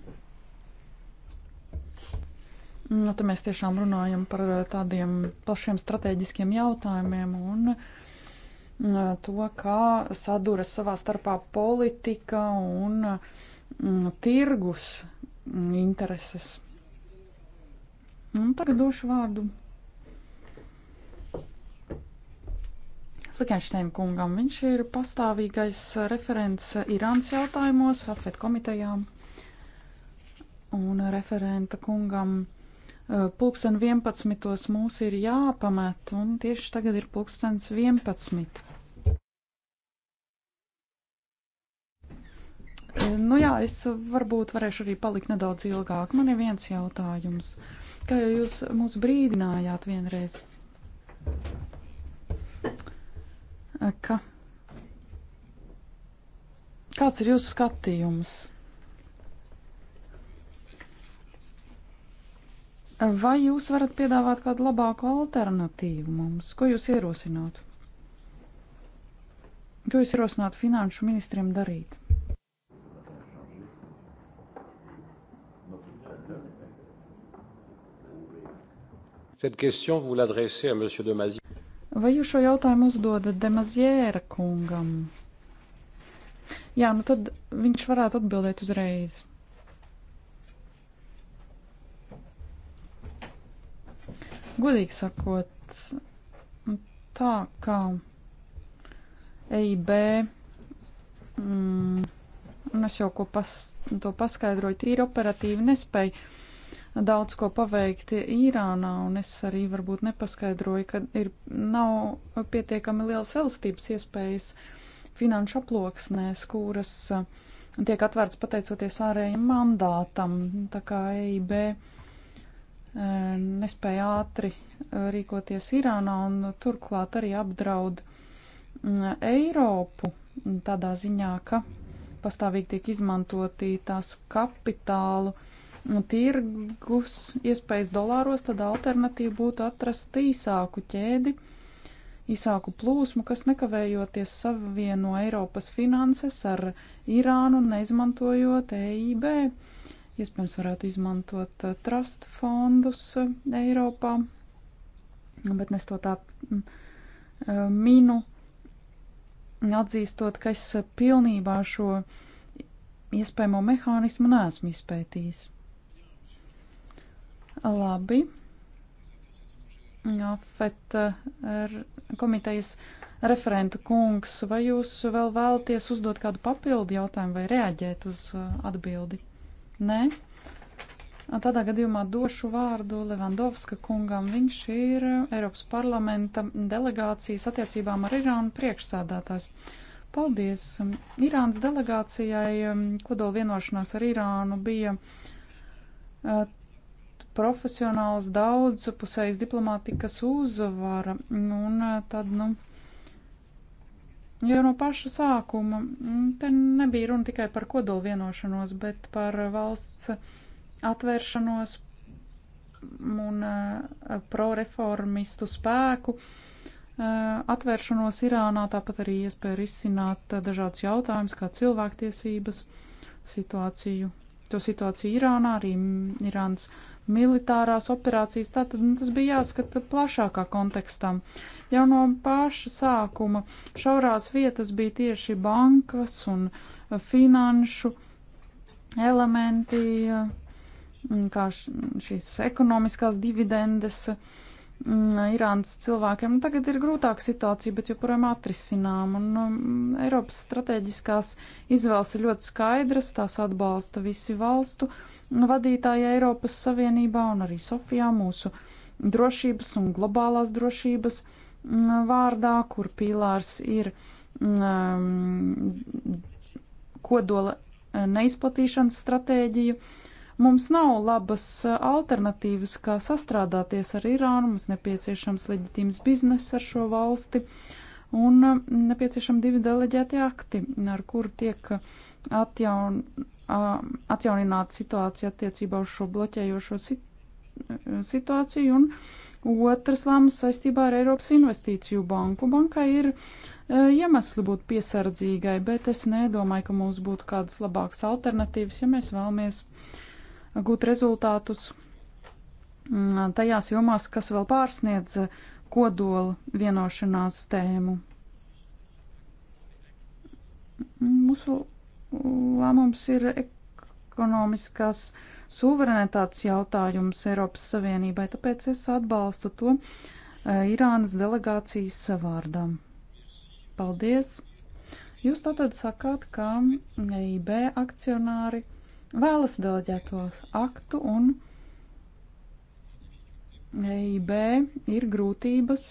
Speaker 4: Nu, tad mēs tiešām runājam par eh, tādiem plašiem strateģiskiem jautājumiem un eh, to, kā saduras savā starpā politika un mm, tirgus mm, intereses. Un tagad došu vārdu Flikenšteina kungam. Viņš ir pastāvīgais referents Irānas jautājumos, afet komitejām. Un referenta kungam Eh, pulksten 11. mums ir jāpamet, un tieši tagad ir pulkstens 11. Eh, nu jā, es varbūt varēšu arī palikt nedaudz ilgāk. Man ir viens jautājums. Kā jau jūs mūs brīdinājāt vienreiz, eh, ka kāds ir jūsu skatījums? Vai jūs varat piedāvāt kādu labāku alternatīvu mums? Ko jūs ierosinātu? Ko jūs ierosinātu finanšu ministriem darīt? Vai jūs šo jautājumu uzdodat Demazjēra kungam? Jā, nu tad viņš varētu atbildēt uzreiz. Godīgi sakot, nu, tā kā EIB, mm, un es jau ko pas, to paskaidroju, tīri operatīvi nespēju daudz ko paveikt Īrānā, un es arī varbūt nepaskaidroju, ka ir nav pietiekami liels elastības iespējas finanšu aploksnēs, kuras uh, tiek atvērts pateicoties ārējiem mandātam, tā kā EIB nespēja ātri rīkoties Irānā un turklāt arī apdraud Eiropu tādā ziņā, ka pastāvīgi tiek izmantoti tās kapitālu tirgus iespējas dolāros, tad alternatīva būtu atrast īsāku ķēdi, īsāku plūsmu, kas nekavējoties savieno Eiropas finanses ar Irānu, neizmantojot EIB. Uh, Iespējams, varētu izmantot eh, trust fondus eh, Eiropā, bet es to tā mm, eh, minu, atzīstot, ka es pilnībā šo iespējamo mehānismu neesmu izpētījis. Labi. Afet komitejas referenta kungs, vai jūs vēl vēlaties uzdot kādu papildu jautājumu vai reaģēt uz atbildi? Nē. Tādā gadījumā došu vārdu Levandovska kungam. Viņš ir Eiropas parlamenta delegācijas attiecībām ar Irānu priekšsādātājs. Paldies! Irānas delegācijai um, kodola vienošanās ar Irānu bija uh, profesionāls daudzpusējs diplomātikas uzvara. Nu, un uh, tad, nu, Jo no paša sākuma mm, te nebija runa tikai par kodolu vienošanos, bet par valsts atvēršanos un eh, proreformistu spēku eh, atvēršanos Irānā, tāpat arī iespēja risināt eh, dažādas jautājumas, kā cilvēktiesības situāciju. To situāciju Irānā, arī mm, Irānas militārās operācijas. Tātad nu, tas bija jāskata plašākā kontekstā. Jau no paša sākuma šaurās vietas bija tieši bankas un finanšu elementi, kā šīs ekonomiskās dividendes Irānas cilvēkiem. Nu, tagad ir grūtāka situācija, bet joprojām atrisinām. Un, um, Eiropas strateģiskās izvēles ir ļoti skaidras, tās atbalsta visi valstu. Uh, vadītāji Eiropas Savienībā un arī Sofijā mūsu drošības un globālās drošības mm, vārdā, kur pīlārs ir um, kodola eh, neizplatīšanas stratēģiju. Mums nav labas eh, alternatīvas, kā sastrādāties ar Irānu, mums nepieciešams leģitīms bizness ar šo valsti un mm, nepieciešami divi deleģēti akti, ar kuru tiek atjaun, atjaunināt situāciju attiecībā uz šo bloķējošo situāciju. Un otrs lēmums saistībā ar Eiropas Investīciju banku. Bankai ir e, iemesli būt piesardzīgai, bet es nedomāju, ka mums būtu kādas labākas alternatīvas, ja mēs vēlamies gūt rezultātus mm, tajās jomās, kas vēl pārsniedz kodola vienošanās tēmu. Mūsu lēmums ir ekonomiskās suverenitātes jautājums Eiropas Savienībai, tāpēc es atbalstu to eh, Irānas delegācijas vārdā. Paldies! Jūs tātad sakāt, ka EIB akcionāri vēlas deleģētos aktu un EIB ir grūtības,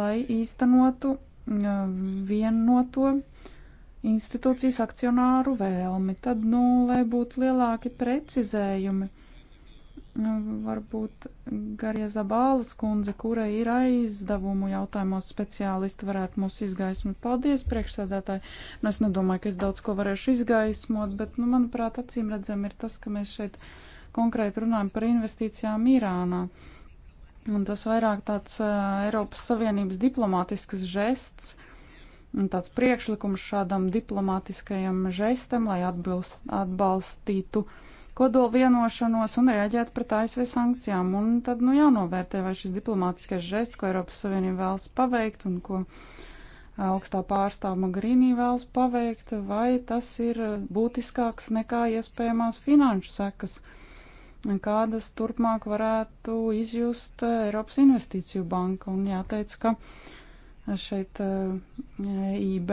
Speaker 4: lai īstenotu eh, vienoto no institūcijas akcionāru vēlmi. Tad, nu, lai būtu lielāki precizējumi, nu, varbūt Garija Zabālas kundze, kurai ir aizdevumu jautājumos speciālisti, varētu mūs izgaismot. Paldies, priekšsēdētāji. Nu, es nedomāju, ka es daudz ko varēšu izgaismot, bet, nu, manuprāt, acīm redzam ir tas, ka mēs šeit konkrēti runājam par investīcijām Irānā. Un tas vairāk tāds uh, Eiropas Savienības diplomātisks žests, uh, tāds priekšlikums šādam diplomātiskajam žestam, lai atbilst, atbalstītu kodola vienošanos un reaģētu pret ASV sankcijām. Un tad, nu, jānovērtē, vai šis diplomātiskais žests, ko Eiropas Savienība vēlas paveikt un ko augstā pārstāva Magrīnī vēlas paveikt, vai tas ir būtiskāks nekā iespējamās finanšu sekas, kādas turpmāk varētu izjust Eiropas Investīciju banka. Un jāteic, ka šeit eh, IB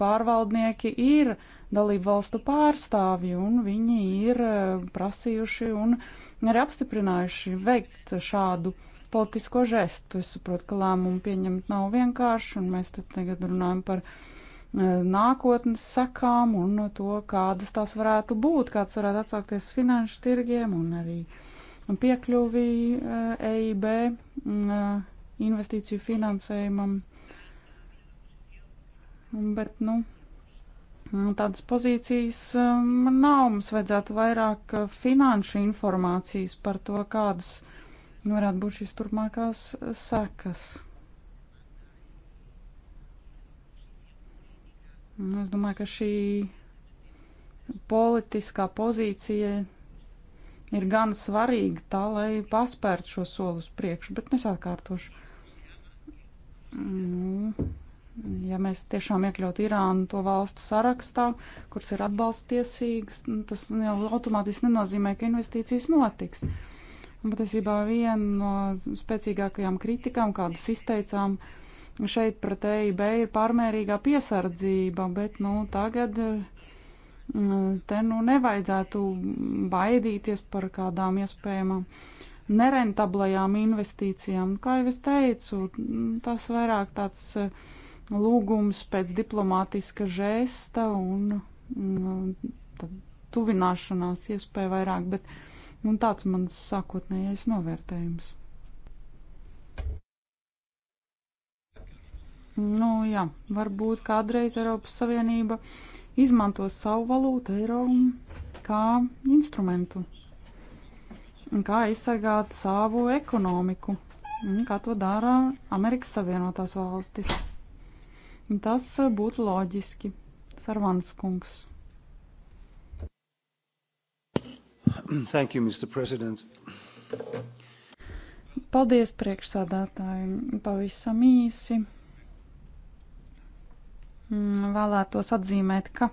Speaker 4: pārvaldnieki ir dalību valstu pārstāvji, un viņi ir eh, prasījuši un arī apstiprinājuši veikt šādu politisko žestu. Es saprotu, ka lēmumu pieņemt nav vienkārši, un mēs tagad runājam par eh, nākotnes sakām un to, kādas tās varētu būt, kāds varētu atsaukties finanšu tirgiem un arī piekļuvī EIB e mm, investīciju finansējumam. Bet, nu, tādas pozīcijas um, man nav. Mums vajadzētu vairāk uh, finanšu informācijas par to, kādas varētu būt šīs turpmākās uh, sekas. Es domāju, ka šī politiskā pozīcija ir gan svarīga tā, lai paspērtu šo soli uz priekšu, bet es atkārtošu. Nu, ja mēs tiešām iekļautu Irānu to valstu sarakstā, kuras ir atbalstiesīgas, nu, tas jau automātiski nenozīmē, ka investīcijas notiks. Un patiesībā viena no spēcīgākajām kritikām, kādus izteicām šeit pret EIB, ir pārmērīgā piesardzība, bet nu, tagad mm, te nu nevajadzētu baidīties par kādām iespējamām uh, nerentablajām investīcijām. Kā jau es teicu, tas vairāk tāds eh, lūgums pēc diplomātiska žēsta un, un mm, tad tuvināšanās iespēja vairāk, bet un nu, tāds mans sākotnējais novērtējums. Nu jā, varbūt kādreiz Eiropas Savienība izmantos savu valūtu eiro kā instrumentu kā aizsargāt savu ekonomiku, kā to dara Amerikas Savienotās valstis. Tas eh, būtu loģiski. Sarvans kungs. Thank you, Mr. President. Paldies priekšsādātājiem. Pavisam īsi. Mm, vēlētos atzīmēt, ka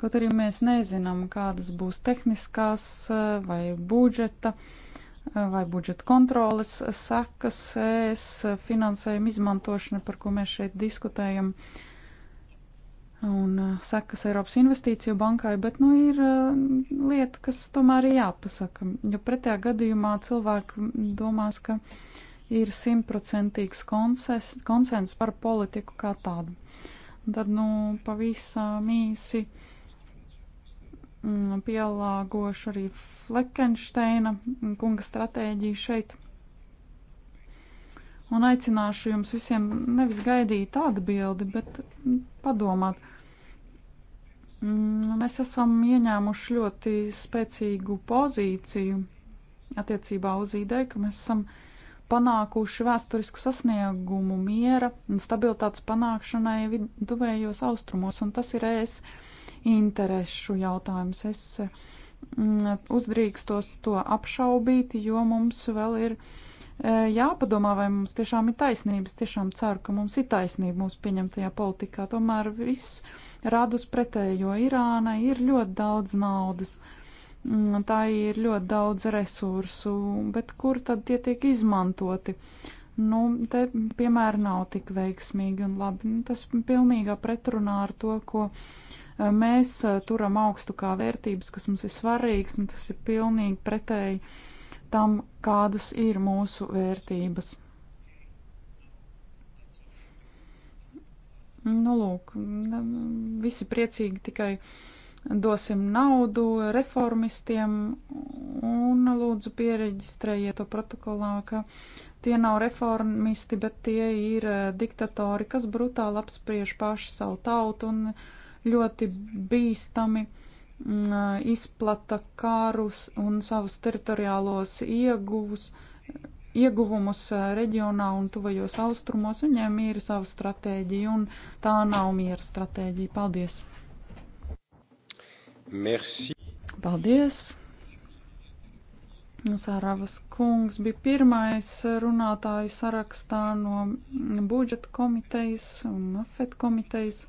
Speaker 4: Kaut arī mēs nezinām, kādas būs tehniskās eh, vai budžeta eh, vai budžeta kontroles sekas, es eh, finansējumu izmantošana, par ko mēs šeit diskutējam, un sekas Eiropas investīciju bankai, bet nu ir lieta, kas tomēr ir jāpasaka, jo pretējā gadījumā cilvēki domās, ka ir simtprocentīgs konsens par politiku kā tādu. Un tad, nu, pavisam īsi. Uh, Mm, pielāgošu arī Fleckensteina kunga stratēģiju šeit. Un aicināšu jums visiem nevis gaidīt atbildi, bet padomāt. Mm, mēs esam ieņēmuši ļoti spēcīgu pozīciju attiecībā uz ideju, ka mēs esam panākuši vēsturisku sasniegumu miera un stabilitātes panākšanai viduvējos austrumos, un tas ir ēst e interešu jautājums. Es mm, uzdrīkstos to apšaubīt, jo mums vēl ir e, jāpadomā, vai mums tiešām ir taisnības. Tiešām ceru, ka mums ir taisnība mūsu pieņemtajā politikā. Tomēr viss rada uz pretējo. Irānai ir ļoti daudz naudas, mm, tā ir ļoti daudz resursu, bet kur tad tie tiek izmantoti? Nu, te piemēri nav tik veiksmīgi un labi. Nu, tas pilnīgā pretrunā ar to, ko mēs eh, turam augstu kā vērtības, kas mums ir svarīgas, un tas ir pilnīgi pretēji tam, kādas ir mūsu vērtības. Nu, lūk, visi priecīgi tikai dosim naudu reformistiem un lūdzu piereģistrējiet to protokolā, ka tie nav reformisti, bet tie ir eh, diktatori, kas brutāli apspriež paši savu tautu un uh, ļoti bīstami mm, izplata kārus un savus teritoriālos ieguvus, ieguvumus reģionā un tuvajos austrumos. Viņiem ir sava stratēģija un tā nav miera stratēģija. Paldies!
Speaker 1: Merci.
Speaker 4: Paldies! Sāravas kungs bija pirmais runātāju sarakstā no budžeta komitejas un afet komitejas.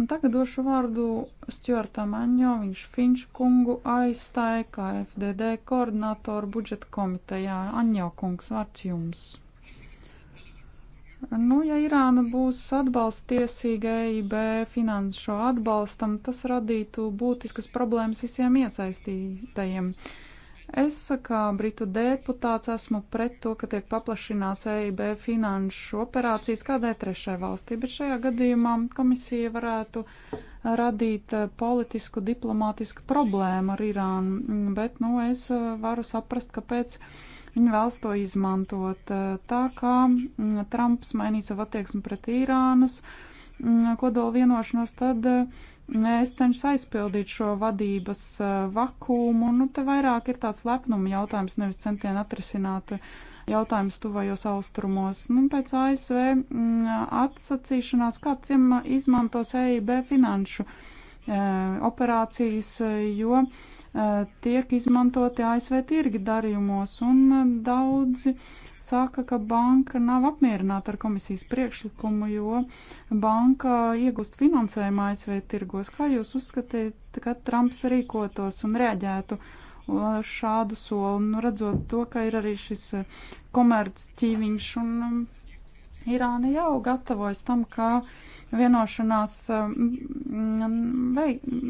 Speaker 4: Un tagad došu vārdu Stjortam Aņo, viņš Finču kungu aizstāja kā FDD koordinātoru budžeta komitejā. Aņo kungs, vārds jums. Nu, ja Irāna būs atbalstiesīga EIB finanšu atbalstam, tas radītu būtiskas problēmas visiem iesaistītajiem. Uh, Es, kā britu deputāts, esmu pret to, ka tiek paplašināts EIB finanšu operācijas kādai trešai valstī, bet šajā gadījumā komisija varētu radīt eh, politisku, diplomātisku problēmu ar Irānu, bet, nu, es eh, varu saprast, kāpēc viņi vēlas to izmantot. Eh, tā kā mm, Trumps mainīja savu attieksmi pret Irānas mm, kodola vienošanos, tad uh, Es cenšos aizpildīt šo vadības eh, vakumu, un nu, te vairāk ir tāds lepnuma jautājums, nevis centieni atrisināt eh, jautājums tuvajos austrumos. Nu, pēc ASV mm, atsacīšanās kāds izmantos EIB finanšu eh, operācijas, jo tiek izmantoti ASV tirgi darījumos, un daudzi uh, saka, ka banka nav apmierināta ar komisijas priekšlikumu, jo banka iegūst finansējumu ASV tirgos. Kā jūs uzskatāt, ka Trumps rīkotos un reaģētu šādu soli, nu redzot to, ka ir arī šis eh, komerc ķīviņš un um, Irāna jau gatavojas tam, kā vienošanās um,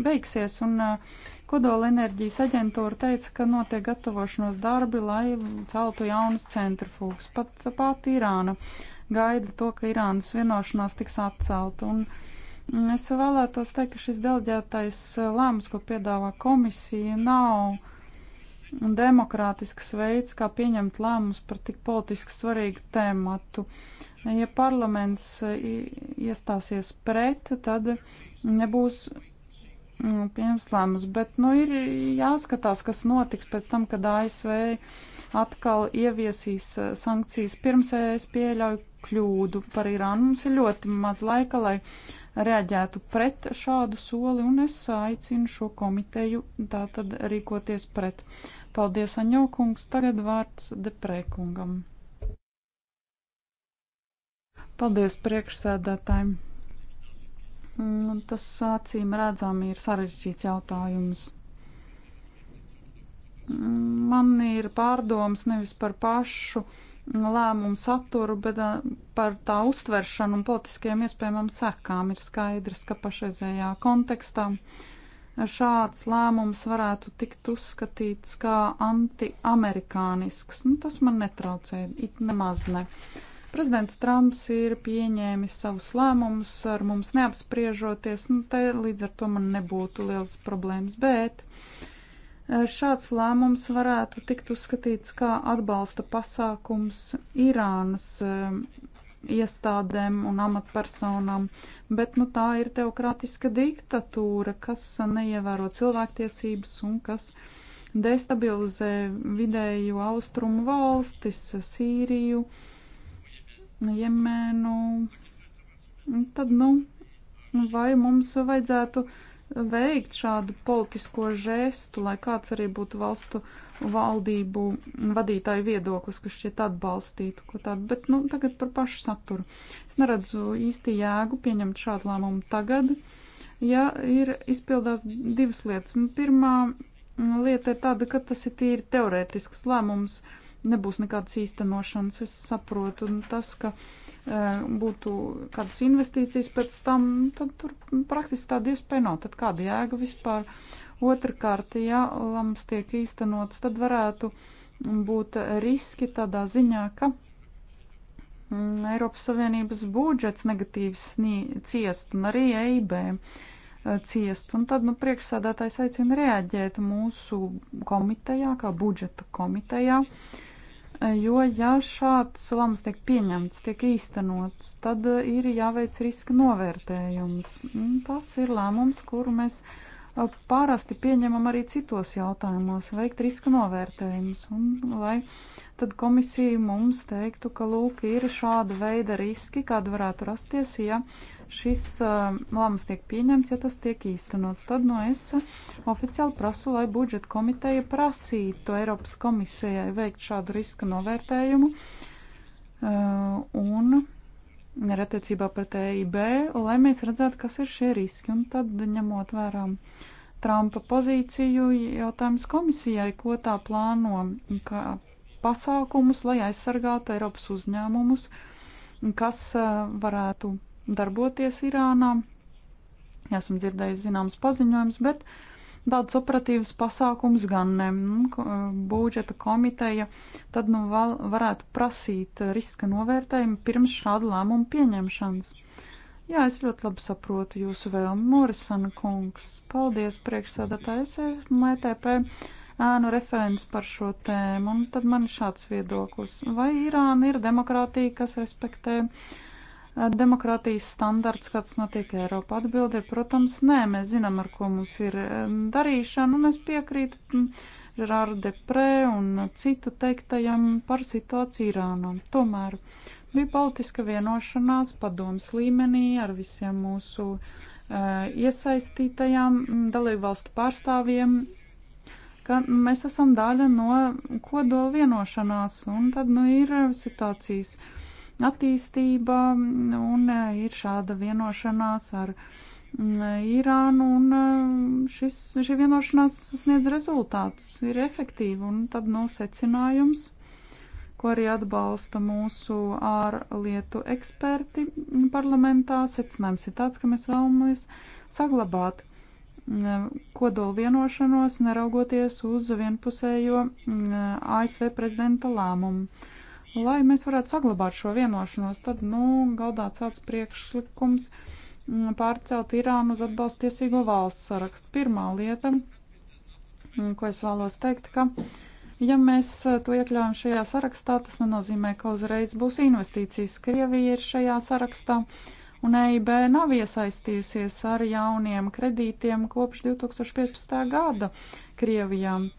Speaker 4: beigsies un uh, Kodola enerģijas aģentūra teica, ka notiek gatavošanos darbi, lai celtu jaunas centrifūgas. Pat, pat Irāna gaida to, ka Irānas vienošanās tiks atcelta. Un es vēlētos teikt, ka šis delģētais lēmums, ko piedāvā komisija, nav demokrātisks veids, kā pieņemt lēmumus par tik politiski svarīgu tēmatu. Ja parlaments iestāsies pret, tad nebūs Nu, pieņems lēmumus. Bet nu, ir jāskatās, kas notiks pēc tam, kad ASV atkal ieviesīs eh, sankcijas. Pirms es pieļauju kļūdu par Irānu. Mums ir ļoti maz laika, lai reaģētu pret šādu soli, un es aicinu šo komiteju tātad rīkoties pret. Paldies, Aņokungs. Tagad vārds Deprēkungam. Paldies priekšsēdētājiem! Mm, tas acīm redzami ir sarežģīts jautājums. Mm, man ir pārdomas nevis par pašu lēmumu saturu, bet par tā uztveršanu un politiskajām iespējamām sekām. Ir skaidrs, ka pašreizējā kontekstā šāds lēmums varētu tikt uzskatīts kā antiamerikānisks. Nu, tas man netraucē, it nemaz ne. Uh, Prezidents Trumps ir pieņēmis savus lēmumus ar mums neapspriežoties, nu, te līdz ar to man nebūtu liels problēmas, bet eh, šāds lēmums varētu tikt uzskatīts kā atbalsta pasākums Irānas eh, iestādēm un amatpersonām, bet nu tā ir teokrātiska diktatūra, kas neievēro cilvēktiesības un kas destabilizē vidēju austrumu valstis, Sīriju, uh, Jemēnu, nu, nu, tad, nu, vai mums vajadzētu veikt šādu politisko žestu, lai kāds arī būtu valstu valdību vadītāju viedoklis, kas šķiet atbalstītu, ko tādu, bet, nu, tagad par pašu saturu. Es neredzu īsti jēgu pieņemt šādu lēmumu tagad, ja ir izpildās divas lietas. Pirmā lieta ir tāda, ka tas ir tīri teorētisks lēmums. Uh, nebūs nekādas īstenošanas. Es saprotu, un tas, ka e, būtu kādas investīcijas pēc tam, tad tur praktiski tāda iespēja nav. Tad kāda jēga vispār? Otrakārt, ja lams tiek īstenots, tad varētu būt riski tādā ziņā, ka mm, Eiropas Savienības budžets negatīvi ciest un arī EIB e, ciest. Un tad nu, priekšsādātājs aicina reaģēt mūsu komitejā, kā budžeta komitejā, Jo, ja šāds lēmums tiek pieņemts, tiek īstenots, tad e, ir jāveic riska novērtējums. Tas ir lēmums, kuru mēs e, parasti pieņemam arī citos jautājumos, veikt riska novērtējumus. Un, lai tad komisija mums teiktu, ka lūk, ir šāda veida riski, kāda varētu rasties, ja uh, šis lēmums tiek pieņemts, ja tas tiek īstenots. Tad no nu, es oficiāli prasu, lai budžeta komiteja prasītu Eiropas komisijai veikt šādu riska novērtējumu un ar attiecībā pret EIB, lai mēs redzētu, kas ir šie riski. Un tad ņemot vērā Trumpa pozīciju, jautājums komisijai, ko tā plāno, kā pasākumus, lai aizsargātu Eiropas uzņēmumus, kas varētu darboties Irānā. Esmu dzirdējis zināms paziņojums, bet daudz operatīvas pasākums gan ne. Nu, budžeta komiteja tad nu val, varētu prasīt riska novērtējumu pirms šāda lēmuma pieņemšanas. Jā, es ļoti labi saprotu jūsu vēlmi, Morisona kungs. Paldies, priekšsēdētājs, esmu ETP ēnu referents par šo tēmu, un tad man ir šāds viedoklis. Vai Irāna ir demokrātija, kas respektē demokrātijas standarts, kāds notiek Eiropā. Atbilde ir, protams, nē, mēs zinām, ar ko mums ir eh, darīšana, un es piekrītu mm, Gerāru Deprē un citu teiktajam par situāciju Irānā. Tomēr bija politiska vienošanās padomas līmenī ar visiem mūsu eh, iesaistītajām mm, dalībvalstu pārstāvjiem, ka mēs esam daļa no kodola vienošanās, un tad nu ir situācijas. Uh, attīstība un e, ir šāda vienošanās ar Irānu un e, šis, šī vienošanās sniedz rezultātus, ir efektīva un tad nav nu, secinājums ko arī atbalsta mūsu ārlietu eksperti parlamentā. Secinājums ir tāds, ka mēs vēlamies saglabāt kodolu vienošanos, neraugoties uz vienpusējo ASV prezidenta lēmumu lai mēs varētu saglabāt šo vienošanos, tad, nu, galdā celts priekšlikums mm, pārcelt Irānu uz atbalstiesīgo valstu sarakstu. Pirmā lieta, mm, ko es vēlos teikt, ka, ja mēs eh, to iekļaujam šajā sarakstā, tas nenozīmē, ka uzreiz būs investīcijas. Krievija ir šajā sarakstā, un EIB nav iesaistījusies ar jauniem kredītiem kopš 2015. gada Krievijām.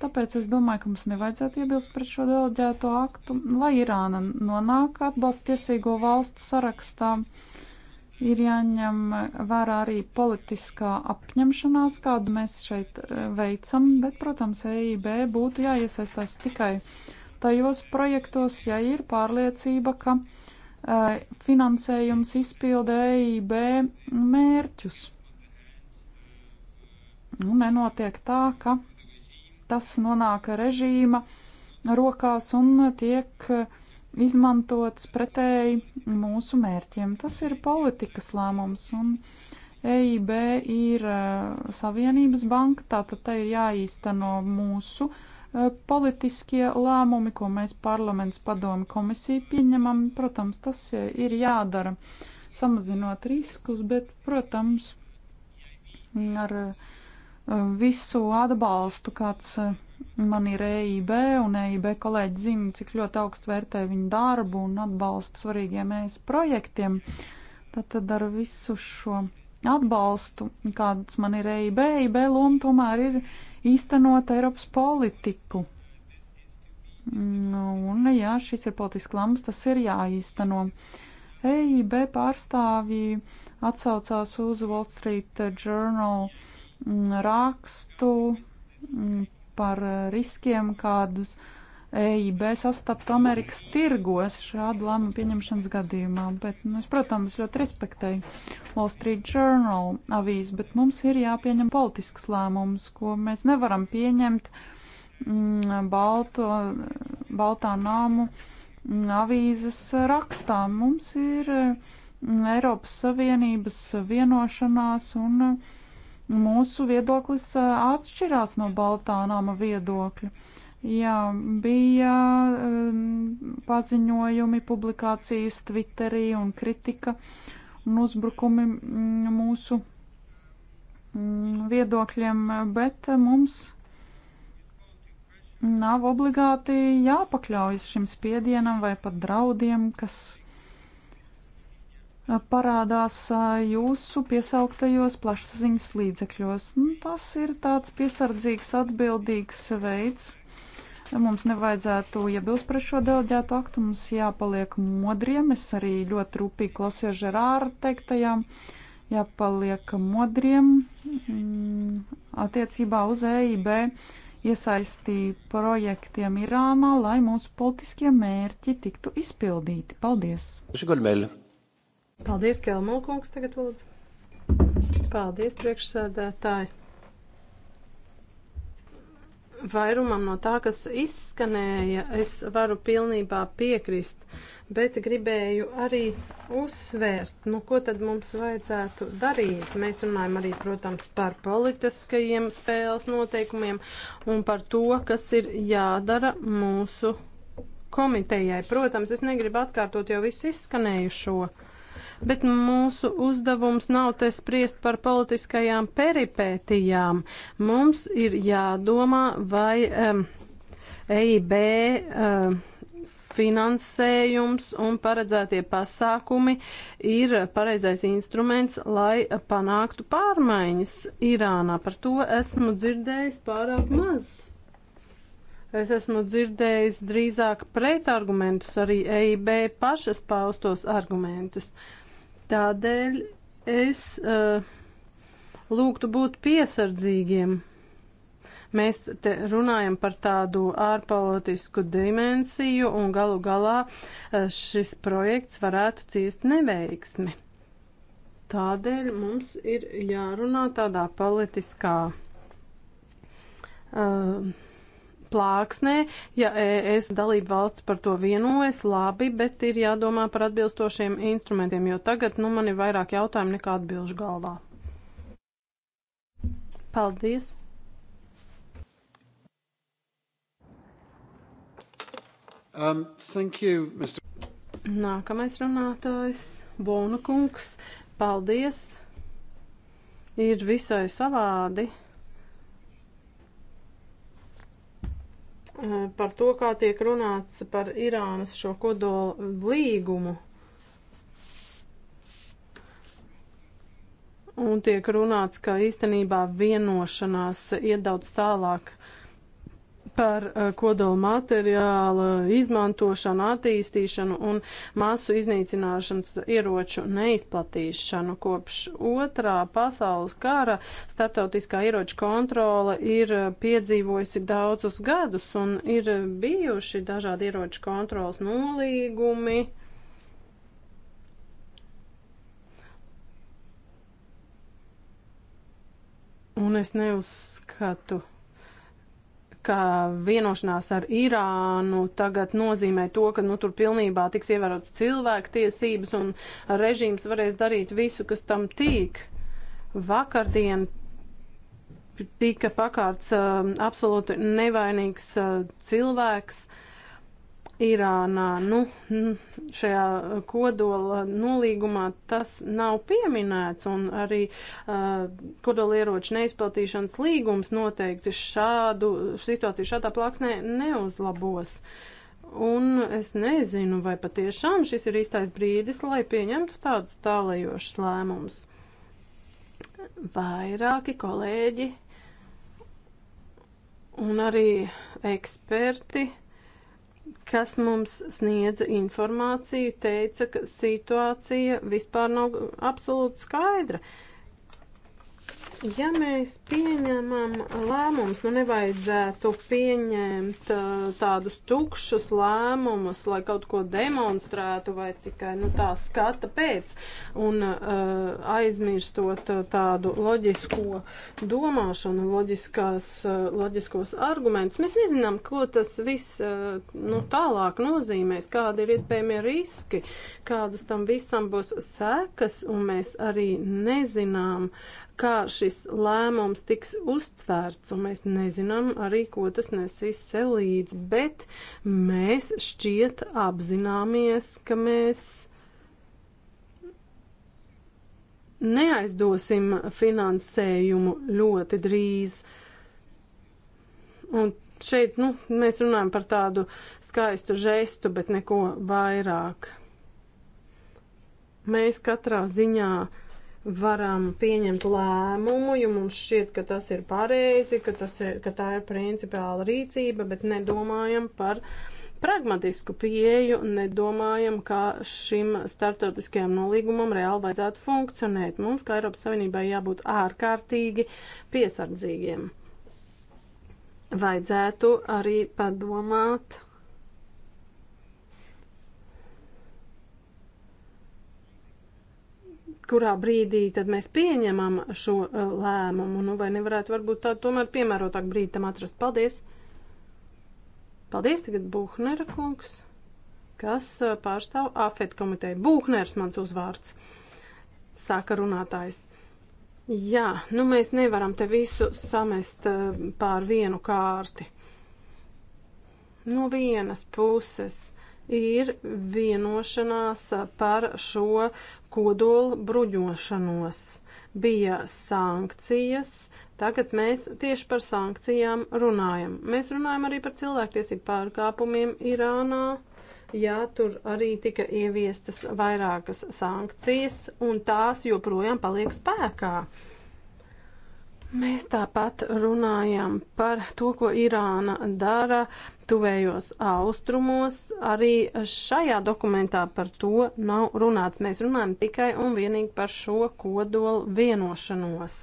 Speaker 4: Tāpēc es domāju, ka mums nevajadzētu iebilst pret šo deleģēto aktu, lai Irāna nonāk atbalsta tiesīgo valstu sarakstā. Ir jāņem vērā arī politiskā apņemšanās, kādu mēs šeit e, veicam, bet, protams, EIB būtu jāiesaistās tikai tajos projektos, ja ir pārliecība, ka uh, finansējums izpilda EIB mērķus. Nu, nenotiek tā, ka tas nonāk režīma rokās un tiek izmantots pretēji mūsu mērķiem. Tas ir politikas lēmums, un EIB ir e, Savienības banka, tātad tai ir jāīsteno mūsu e, politiskie lēmumi, ko mēs parlaments padomu komisiju pieņemam. Protams, tas e, ir jādara samazinot riskus, bet, protams, ar uh, visu atbalstu, kāds eh, man ir EIB, un EIB kolēģi zina, cik ļoti augstu vērtē viņu darbu un atbalstu svarīgiem EIS projektiem. Tātad ar visu šo atbalstu, kāds man ir EIB, EIB loma tomēr ir īstenot Eiropas politiku. Nu, un, ja šis ir politisks lēmums, tas ir jāīsteno. EIB pārstāvji atsaucās uz Wall Street Journal uh, rakstu mm, par riskiem, kādus EIB sastaptu Amerikas tirgos šādu lēmumu pieņemšanas gadījumā. Bet, nu, es, protams, ļoti respektēju Wall Street Journal avīzi, bet mums ir jāpieņem politisks lēmums, ko mēs nevaram pieņemt mm, balto, baltā nāmu mm, avīzes rakstā. Mums ir mm, Eiropas Savienības vienošanās un uh, mūsu viedoklis atšķirās no Baltānāma viedokļa. Jā, bija paziņojumi, publikācijas Twitterī un kritika un uzbrukumi mm, mūsu mm, viedokļiem, bet mums nav obligāti jāpakļaujas šim spiedienam vai pat draudiem, kas parādās jūsu piesauktajos plašsaziņas līdzekļos. Nu, tas ir tāds piesardzīgs, atbildīgs veids. Mums nevajadzētu iebilst pret šo deleģētu aktu, mums jāpaliek modriem. Es arī ļoti rūpīgi klausījos Žerāra teiktajām. Jāpaliek modriem mm, attiecībā uz EIB iesaisti projektiem Irānā, lai mūsu politiskie mērķi tiktu izpildīti. Paldies!
Speaker 1: Šigulmeļa.
Speaker 2: Paldies, Kelmulkungs, tagad lūdzu. Paldies, priekšsēdētāji vairumam no tā, kas izskanēja, es varu pilnībā piekrist, bet gribēju arī uzsvērt, nu, ko tad mums vajadzētu darīt. Mēs runājam arī, protams, par politiskajiem spēles noteikumiem un par to, kas ir jādara mūsu komitejai. Protams, es negribu atkārtot jau visu izskanējušo bet mūsu uzdevums nav te spriest par politiskajām peripētijām. Mums ir jādomā, vai um, EIB. Um, finansējums un paredzētie pasākumi ir pareizais instruments, lai panāktu pārmaiņas Irānā. Par to esmu dzirdējis pārāk maz. Es esmu dzirdējis drīzāk pretargumentus, arī EIB pašas paustos argumentus. Uh, Tādēļ es uh, lūgtu būt piesardzīgiem. Mēs te runājam par tādu ārpolitisku dimensiju, un galu galā uh, šis projekts varētu ciest neveiksmi. Tādēļ mums ir jārunā tādā politiskā. Uh, plāksnē. Ja ES dalība valsts par to vienojas, labi, bet ir jādomā par atbilstošiem instrumentiem, jo tagad nu, man ir vairāk jautājumu nekā atbilžu galvā. Paldies!
Speaker 4: Um, thank you, Mr.
Speaker 2: Nākamais runātājs - Bona kungs. Paldies! Ir visai savādi Eh, par to, kā tiek runāts par Irānas šo kodola līgumu. Un tiek runāts, ka īstenībā vienošanās iet daudz tālāk uh, par eh, kodola materiāla izmantošanu, attīstīšanu un masu iznīcināšanas ieroču neizplatīšanu. Kopš otrā pasaules kara starptautiskā ieroča kontrole ir eh, piedzīvojusi daudzus gadus un ir bijuši dažādi ieroču kontrolas nolīgumi. Un es neuzskatu, ka vienošanās ar Irānu tagad nozīmē to, ka nu, tur pilnībā tiks ievērotas cilvēktiesības un režīms varēs darīt visu, kas tam tīk. Vakardien tika pakārts uh, absolūti nevainīgs uh, cilvēks. Uh, Irānā. Nu, šajā kodola nolīgumā tas nav pieminēts, un arī uh, kodolieroču neizplatīšanas līgums noteikti šādu situāciju šādā plāksnē neuzlabos. Un es nezinu, vai patiešām šis ir īstais brīdis, lai pieņemtu tādus tālajošus lēmumus. Vairāki kolēģi un arī eksperti kas mums sniedza informāciju, teica, ka situācija vispār nav absolūti skaidra. Uh, ja mēs pieņemam lēmumus, nu nevajadzētu pieņemt tādus tukšus lēmumus, lai kaut ko demonstrētu vai tikai nu, tā skata pēc un uh, aizmirstot tādu loģisko domāšanu, loģiskās, uh, loģiskos argumentus. Mēs nezinām, ko tas viss uh, nu, tālāk nozīmēs, kādi ir iespējamie riski, kādas tam visam būs sekas, un mēs arī nezinām, kā šis lēmums tiks uztvērts, un mēs nezinām arī, ko tas nesīs sev līdzi, bet mēs šķiet apzināmies, ka mēs neaizdosim finansējumu ļoti drīz. Un šeit nu, mēs runājam par tādu skaistu žestu, bet neko vairāk. Mēs katrā ziņā uh, varam pieņemt lēmumu, jo mums šķiet, ka tas ir pareizi, ka, tas ir, ka tā ir principiāla rīcība, bet nedomājam par pragmatisku pieeju, nedomājam, kā šim startautiskajam nolīgumam reāli vajadzētu funkcionēt. Mums, kā Eiropas Savienībai, jābūt ārkārtīgi piesardzīgiem. Vajadzētu arī padomāt kurā brīdī tad mēs pieņemam šo uh, lēmumu, nu vai nevarētu varbūt tādu tomēr piemērotāk brīdi tam atrast. Paldies! Paldies tagad Buhnera kungs, kas uh, pārstāv AFET komiteju. Buhners mans uzvārds, sāka runātājs. Jā, nu mēs nevaram te visu samest uh, pār vienu kārti. No vienas puses ir vienošanās par šo kodolu bruņošanos. Bija sankcijas, tagad mēs tieši par sankcijām runājam. Mēs runājam arī par cilvēktiesību pārkāpumiem Irānā. Jā, tur arī tika ieviestas vairākas sankcijas, un tās joprojām paliek spēkā. Uh, Mēs tāpat runājam par to, ko Irāna dara tuvējos austrumos. Arī šajā dokumentā par to nav runāts. Mēs runājam tikai un vienīgi par šo kodolu vienošanos.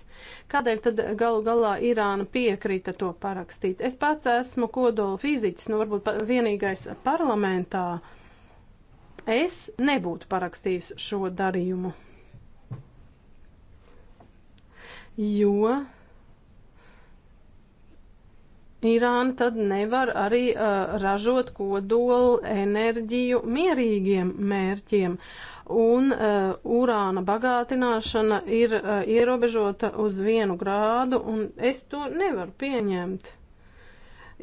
Speaker 2: Kādēļ tad galu galā Irāna piekrita to parakstīt? Es pats esmu kodola fiziķis, nu varbūt vienīgais parlamentā. Es nebūtu parakstījis šo darījumu. Jo Irāna tad nevar arī uh, ražot kodolu enerģiju mierīgiem mērķiem. Un uh, urāna bagātināšana ir uh, ierobežota uz vienu grādu, un es to nevaru pieņemt.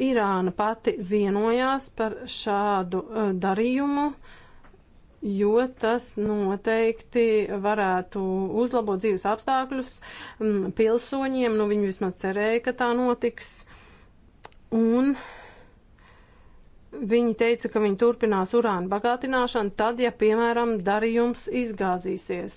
Speaker 2: Irāna pati vienojās par šādu uh, darījumu, jo tas noteikti varētu uzlabot dzīves apstākļus um, pilsoņiem. Nu, viņi vismaz cerēja, ka tā notiks. Uh, Un viņi teica, ka viņi turpinās urāna bagātināšanu tad, ja, piemēram, darījums izgāzīsies.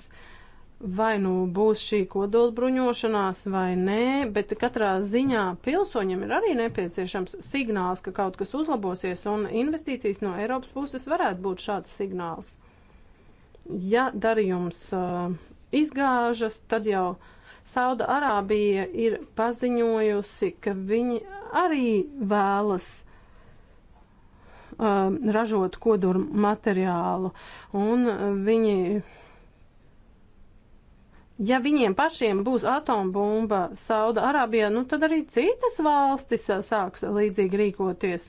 Speaker 2: Vai nu būs šī kodolbruņošanās vai nē, bet katrā ziņā pilsoņiem ir arī nepieciešams signāls, ka kaut kas uzlabosies, un investīcijas no Eiropas puses varētu būt šāds signāls. Ja darījums uh, izgāžas, tad jau uh, Sauda Arābija ir paziņojusi, ka viņi arī vēlas um, ražot koduru materiālu, un viņi Ja viņiem pašiem būs atombumba Sauda-Arābijā, nu tad arī citas valstis sāks līdzīgi rīkoties.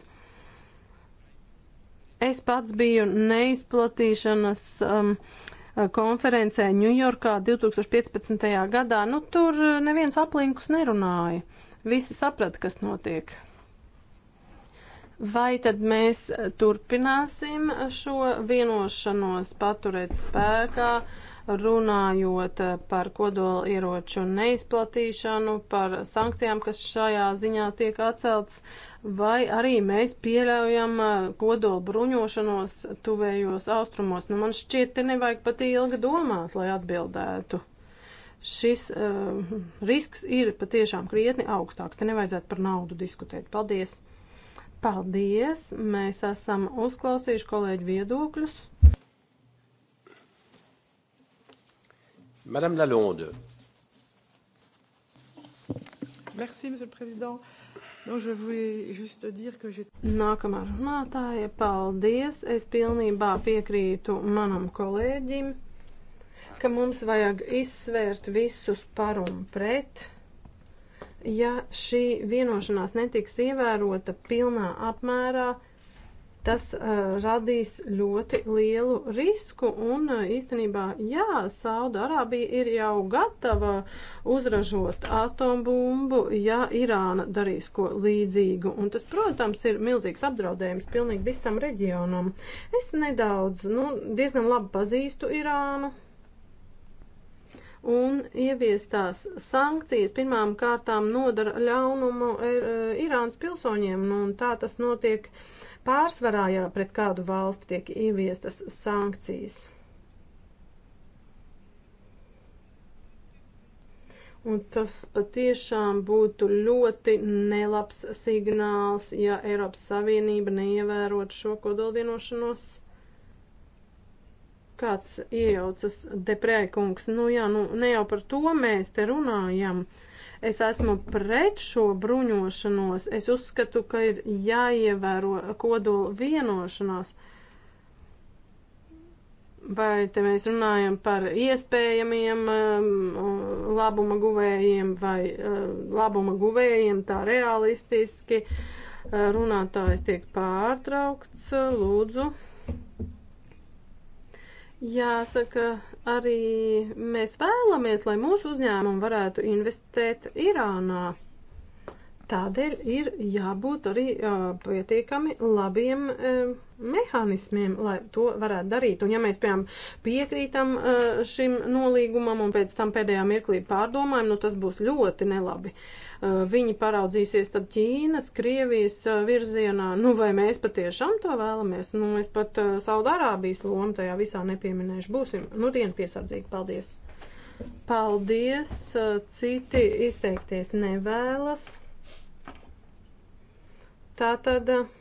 Speaker 2: Es pats biju neizplatīšanas um, uh, Eh, konferencē Ņujorkā 2015. gadā, nu tur eh, neviens aplinkus nerunāja. Visi saprata, kas notiek. Vai tad mēs eh, turpināsim šo vienošanos paturēt spēkā? Uh, runājot eh, par kodola ieroču neizplatīšanu, par sankcijām, kas šajā ziņā tiek atceltas, vai arī mēs pieļaujam eh, kodola bruņošanos tuvējos austrumos. Nu, man šķiet, te nevajag pat ilgi domāt, lai atbildētu. Šis uh, risks ir patiešām krietni augstāks. Te nevajadzētu par naudu diskutēt. Paldies! Paldies! Mēs esam uzklausījuši kolēģi viedokļus.
Speaker 1: Madame Lalonde.
Speaker 2: Merci, Monsieur le Président. Nu, Nākamā runātāja, paldies. Es pilnībā piekrītu manam kolēģim, ka mums vajag izsvērt visus par un pret. Ja šī vienošanās netiks ievērota pilnā apmērā, tas uh, radīs ļoti lielu risku. Un uh, īstenībā, jā, Saudārābija ir jau gatava uzražot atombumbu, ja Irāna darīs ko līdzīgu. Un tas, protams, ir milzīgs apdraudējums pilnīgi visam reģionam. Es nedaudz, nu, diezgan labi pazīstu Irānu. Un ieviestās sankcijas pirmām kārtām nodara ļaunumu ir, er, uh, Irānas pilsoņiem, nu, un tā tas notiek uh, Pārsvarā, ja pret kādu valsti tiek ieviestas sankcijas. Un tas patiešām būtu ļoti nelabs signāls, ja Eiropas Savienība neievērot šo kodolvienošanos. Kāds iejaucas deprēkungs, nu jā, nu ne jau par to mēs te runājam. Uh, Es esmu pret šo bruņošanos. Es uzskatu, ka ir jāievēro kodola vienošanās. Vai te mēs runājam par iespējamiem um, uh, labuma guvējiem vai uh, labuma guvējiem tā realistiski. Uh, runātājs tiek pārtraukts, lūdzu. Jāsaka, arī mēs vēlamies, lai mūsu uzņēmumi varētu investēt Irānā. Tādēļ ir jābūt arī uh, pietiekami labiem. Uh, mehanismiem, lai to varētu darīt. Un ja mēs, piemēram, piekrītam šim nolīgumam un pēc tam pēdējā mirklī pārdomājam, nu tas būs ļoti nelabi. Viņi paraudzīsies tad Ķīnas, Krievijas virzienā, nu vai mēs patiešām to vēlamies, nu es pat Saudārābijas lomu tajā visā nepieminēšu. Būsim, nu dien piesardzīgi, paldies. Paldies, citi izteikties nevēlas. Tātad. Uh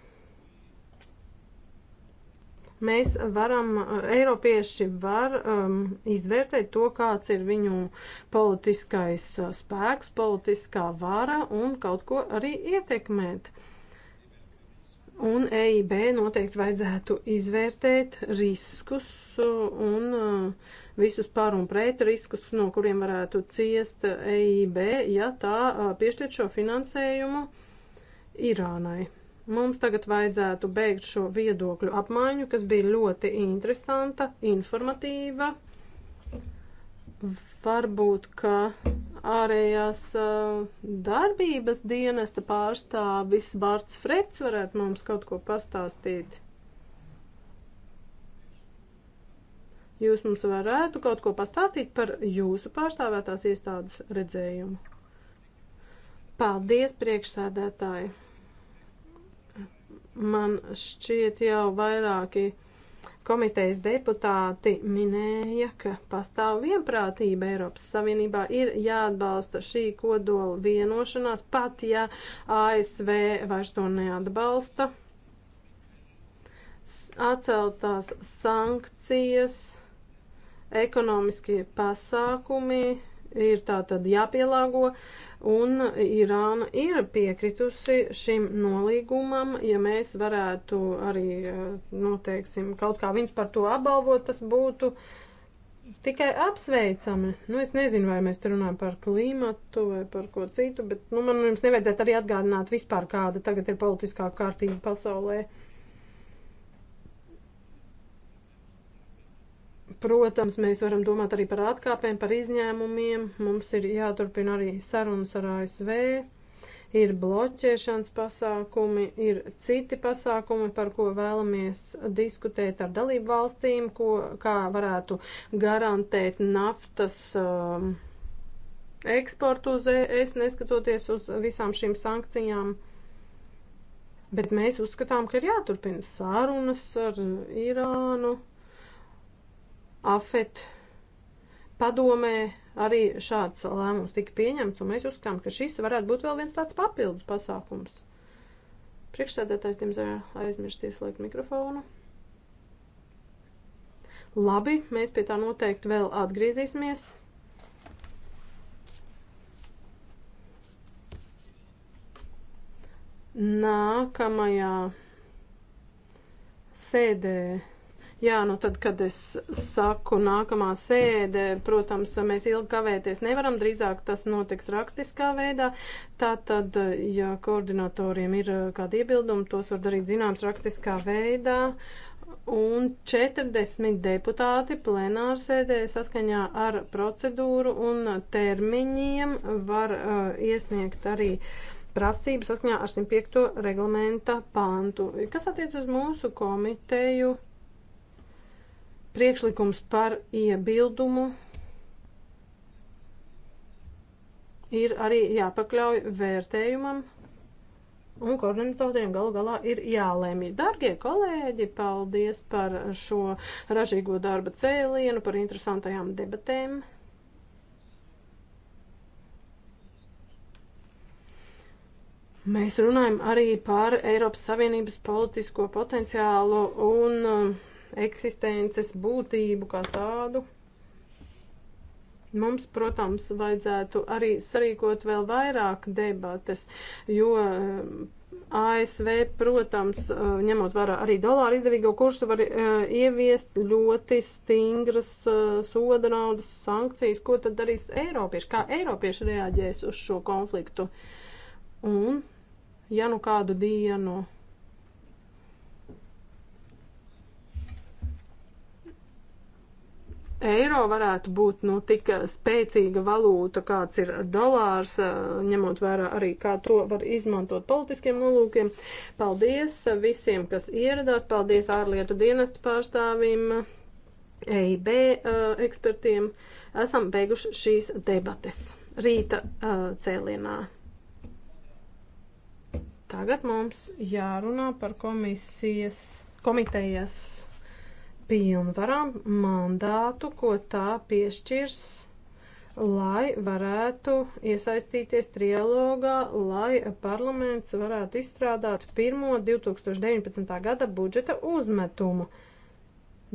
Speaker 2: mēs varam, Eiropieši var um, izvērtēt to, kāds ir viņu politiskais uh, spēks, politiskā vara un kaut ko arī ietekmēt. Un EIB noteikti vajadzētu izvērtēt riskus uh, un uh, visus pār un pret riskus, no kuriem varētu ciest EIB, ja tā uh, piešķirt šo finansējumu Irānai. Mums tagad vajadzētu beigt šo viedokļu apmaiņu, kas bija ļoti interesanta, informatīva. Varbūt, ka ārējās uh, darbības dienesta pārstāvis Bārts Frets varētu mums kaut ko pastāstīt. Jūs mums varētu kaut ko pastāstīt par jūsu pārstāvētās iestādes redzējumu. Paldies, priekšsēdētāji! Man šķiet jau vairāki komitejas deputāti minēja, ka pastāv vienprātība Eiropas Savienībā ir jāatbalsta šī kodola vienošanās, pat ja ASV vairs to neatbalsta. Atceltās sankcijas, ekonomiskie pasākumi ir tā tad jāpielāgo, un Irāna ir piekritusi šim nolīgumam, ja mēs varētu arī, eh, noteiksim, nu, kaut kā viņus par to apbalvot, tas būtu tikai apsveicami. Nu, es nezinu, vai mēs tur runājam par klimatu vai par ko citu, bet, nu, man jums nevajadzētu arī atgādināt vispār, kāda tagad ir politiskā kārtība pasaulē. Protams, mēs varam domāt arī par atkāpēm, par izņēmumiem. Mums ir jāturpina arī sarunas ar ASV, ir bloķēšanas pasākumi, ir citi pasākumi, par ko vēlamies diskutēt ar dalību valstīm, ko, kā varētu garantēt naftas. Um, eksportu uz ES, neskatoties uz visām šīm sankcijām. Bet mēs uzskatām, ka ir jāturpina sārunas ar Irānu. AFET padomē arī šāds lēmums tika pieņemts, un mēs uzskatām, ka šis varētu būt vēl viens tāds papildus pasākums. Priekšsēdētājs, diemžēl, aizmirst ieslēgt mikrofonu. Labi, mēs pie tā noteikti vēl atgriezīsimies. Nākamajā sēdē Jā, nu tad, kad es saku nākamā sēde, protams, mēs ilgi kavēties nevaram, drīzāk tas notiks rakstiskā veidā. Tātad, ja koordinatoriem ir uh, kādi iebildumi, tos var darīt zināms rakstiskā veidā. Un 40 deputāti plenārsēdē saskaņā ar procedūru un termiņiem var uh, iesniegt arī uh, prasību saskaņā ar 105. reglamenta pāntu. Kas attiec uz mūsu komiteju, Priekšlikums par iebildumu ir arī jāpakļauj vērtējumam, un koordinatoriem galu galā ir jālēmj. Dargie kolēģi, paldies par šo ražīgo darba cēlienu, par interesantajām debatēm. Mēs runājam arī par Eiropas Savienības politisko potenciālu un uh, eksistences būtību kā tādu. Mums, protams, vajadzētu arī sarīkot vēl vairāk debates, jo eh, ASV, protams, eh, ņemot vērā arī dolāru izdevīgo kursu, var eh, ieviest ļoti stingras soda naudas sankcijas. Ko tad darīs Eiropieši? Kā Eiropieši reaģēs uz šo konfliktu? Un, ja nu kādu dienu. No eiro varētu būt nu, tik eh, spēcīga valūta, kāds ir dolārs, eh, ņemot vērā arī, kā to var izmantot politiskiem nolūkiem. Paldies visiem, kas ieradās, paldies ārlietu dienestu pārstāvim, EIB eh, ekspertiem. Esam beiguši šīs debates rīta cēlienā. Tagad mums jārunā par komisijas, komitejas pilnvarām, mandātu, ko tā piešķirs, lai varētu iesaistīties trialogā, lai parlaments varētu izstrādāt pirmo 2019. gada budžeta uzmetumu.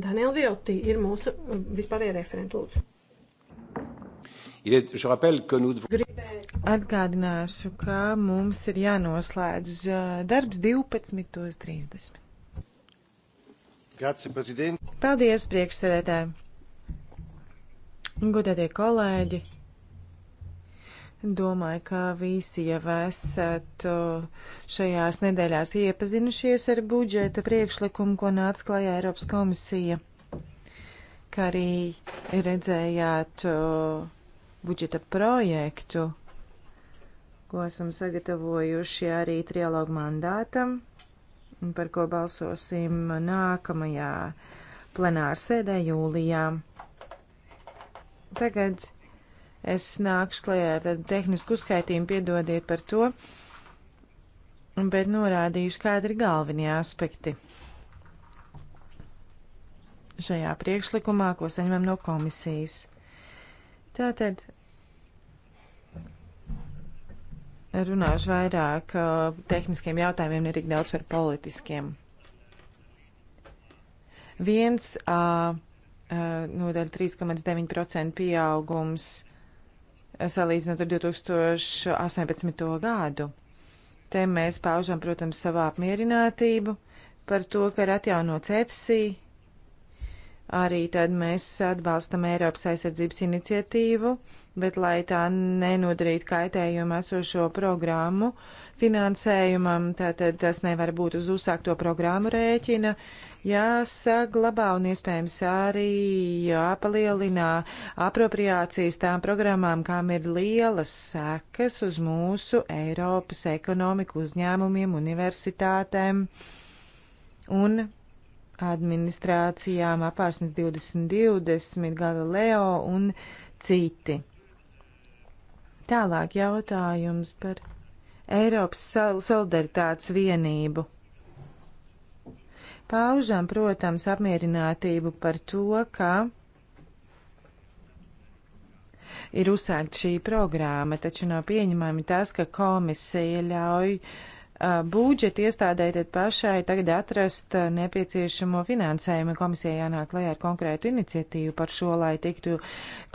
Speaker 2: Daniela
Speaker 3: Vioti ir mūsu uh, vispārējā referenta lūdzu. Atgādināšu, ka mums ir jānoslēdz uh, darbs 12.30.
Speaker 1: Grazie, prezident.
Speaker 3: Paldies, priekšsēdētāji. Godētie kolēģi, domāju, ka visi jau esat uh, šajās nedēļās iepazinušies ar budžeta priekšlikumu, ko nāca klajā Eiropas komisija, kā arī redzējāt uh, budžeta projektu, ko esam sagatavojuši arī trialogu mandātam par ko balsosim nākamajā plenāra sēdē jūlijā. Tagad es nākšu klajā ar tādu tehnisku uzskaitījumu, piedodiet par to, bet norādīšu, kādi ir galvenie aspekti šajā priekšlikumā, ko saņemam no komisijas. Tātad runāšu vairāk uh, tehniskiem jautājumiem, ne tik daudz par politiskiem. Viens uh, uh, nodaļa 3,9% pieaugums uh, salīdzinot ar 2018. gadu. Te mēs paužam, protams, savu apmierinātību par to, ka ir atjaunots EFSI. Arī tad mēs atbalstam Eiropas aizsardzības iniciatīvu. Uh, bet lai tā nenodarītu kaitējumu esošo programmu finansējumam, tātad tas nevar būt uz uzsākto programmu rēķina, jāsaglabā un iespējams arī jāpalielinā apropriācijas tām programmām, kām ir lielas sekas uz mūsu Eiropas ekonomiku uzņēmumiem, universitātēm un administrācijām apārsnes 2020, Galileo un citi. Tālāk jautājums par Eiropas solidaritātes vienību. Paužam, protams, apmierinātību par to, ka ir uzsākt šī programma, taču nav pieņemami tas, ka komisija ļauj uh, budžeta iestādē tad pašai tagad atrast nepieciešamo finansējumu. Komisija jānāk lai ar konkrētu iniciatīvu par šo, lai tiktu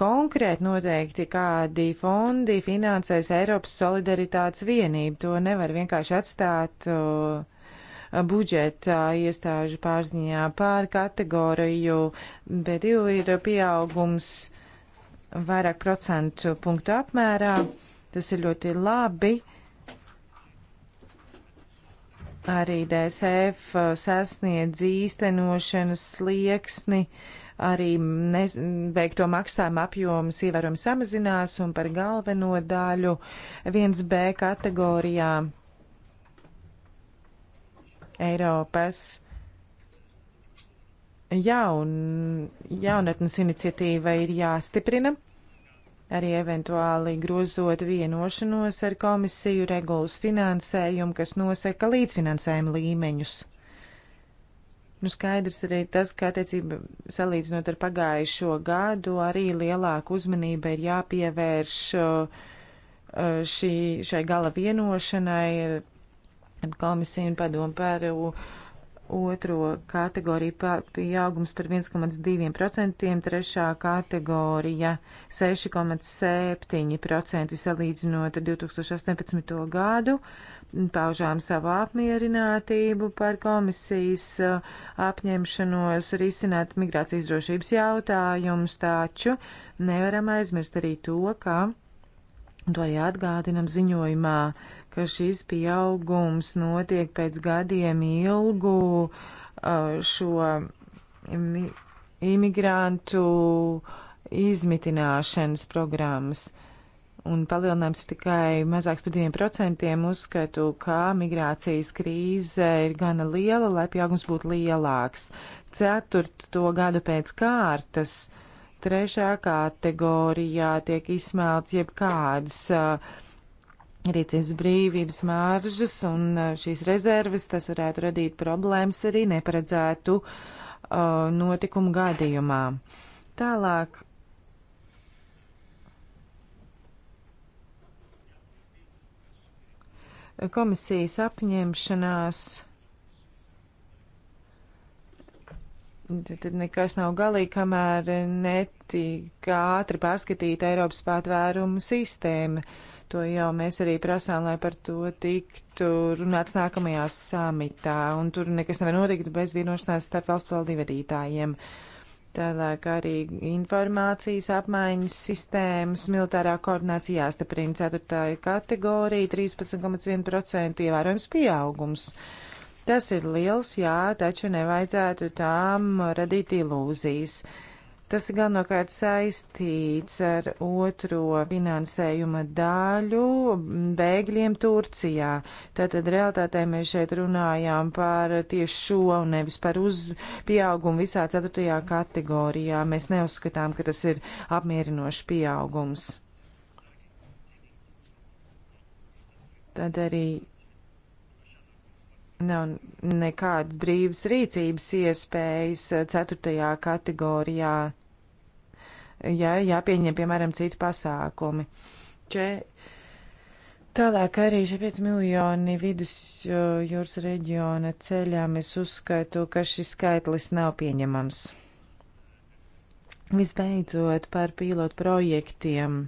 Speaker 3: konkrēti noteikti, kādi fondi finansēs Eiropas solidaritātes vienību. To nevar vienkārši atstāt uh, budžeta iestāžu pārziņā pār kategoriju, bet jau ir pieaugums vairāk procentu punktu apmērā. Tas ir ļoti labi. Uh, Arī DSF uh, sasniedz īstenošanas slieksni, arī veikto maksājumu apjoms ievērojami samazinās un par galveno daļu 1B kategorijā Eiropas jaun, jaunatnes iniciatīva ir jāstiprina arī eventuāli grozot vienošanos ar komisiju regulas finansējumu, kas nosaka līdzfinansējuma līmeņus. Nu, skaidrs arī tas, ka attiecība salīdzinot ar pagājušo gadu, arī lielāka uzmanība ir jāpievērš uh, šī, šai gala vienošanai ar komisiju un padomu par otro kategoriju pieaugums par 1,2%, trešā kategorija 6,7% salīdzinot ar 2018. gadu. Paužām savu apmierinātību par komisijas uh, apņemšanos risināt migrācijas drošības jautājumus, taču nevaram aizmirst arī to, ka Un to arī atgādinam ziņojumā, ka šis pieaugums notiek pēc gadiem ilgu šo imigrantu izmitināšanas programmas. Un palielinājums ir tikai mazāks par 2%. Uzskatu, ka migrācijas krīze ir gana liela, lai pieaugums būtu lielāks. Ceturto gadu pēc kārtas uh, Trešā kategorijā tiek izsmelts jebkādas uh, rīcības brīvības māržas un uh, šīs rezerves, tas varētu radīt problēmas arī neparedzētu uh, notikumu gadījumā. Tālāk komisijas apņemšanās Tad nekas nav galīgi, kamēr netiek ātri pārskatīta Eiropas patvēruma sistēma. To jau mēs arī prasām, lai par to tiktu runāts nākamajā samitā, un tur nekas nevar notikt bez vienošanās starp valstu valdību vadītājiem. Tālāk arī informācijas apmaiņas sistēmas militārā koordinācija jāstiprina 4. kategorija 13,1% ievērojams pieaugums. Uh, Tas ir liels, jā, taču nevajadzētu tām radīt ilūzijas. Tas galvenokārt saistīts ar otro finansējuma daļu bēgļiem Turcijā. Tātad realtātē mēs šeit runājām par tieši šo un nevis par uzpieaugumu visā ceturtajā kategorijā. Mēs neuzskatām, ka tas ir apmierinošs pieaugums. Tad arī nav nekādas brīvas rīcības iespējas eh, ceturtajā kategorijā, ja jāpieņem, piemēram, citi pasākumi. Če, tālāk arī šie 5 miljoni vidusjūras reģiona ceļām es uzskaitu, ka šis skaitlis nav pieņemams. Visbeidzot par pilotu projektiem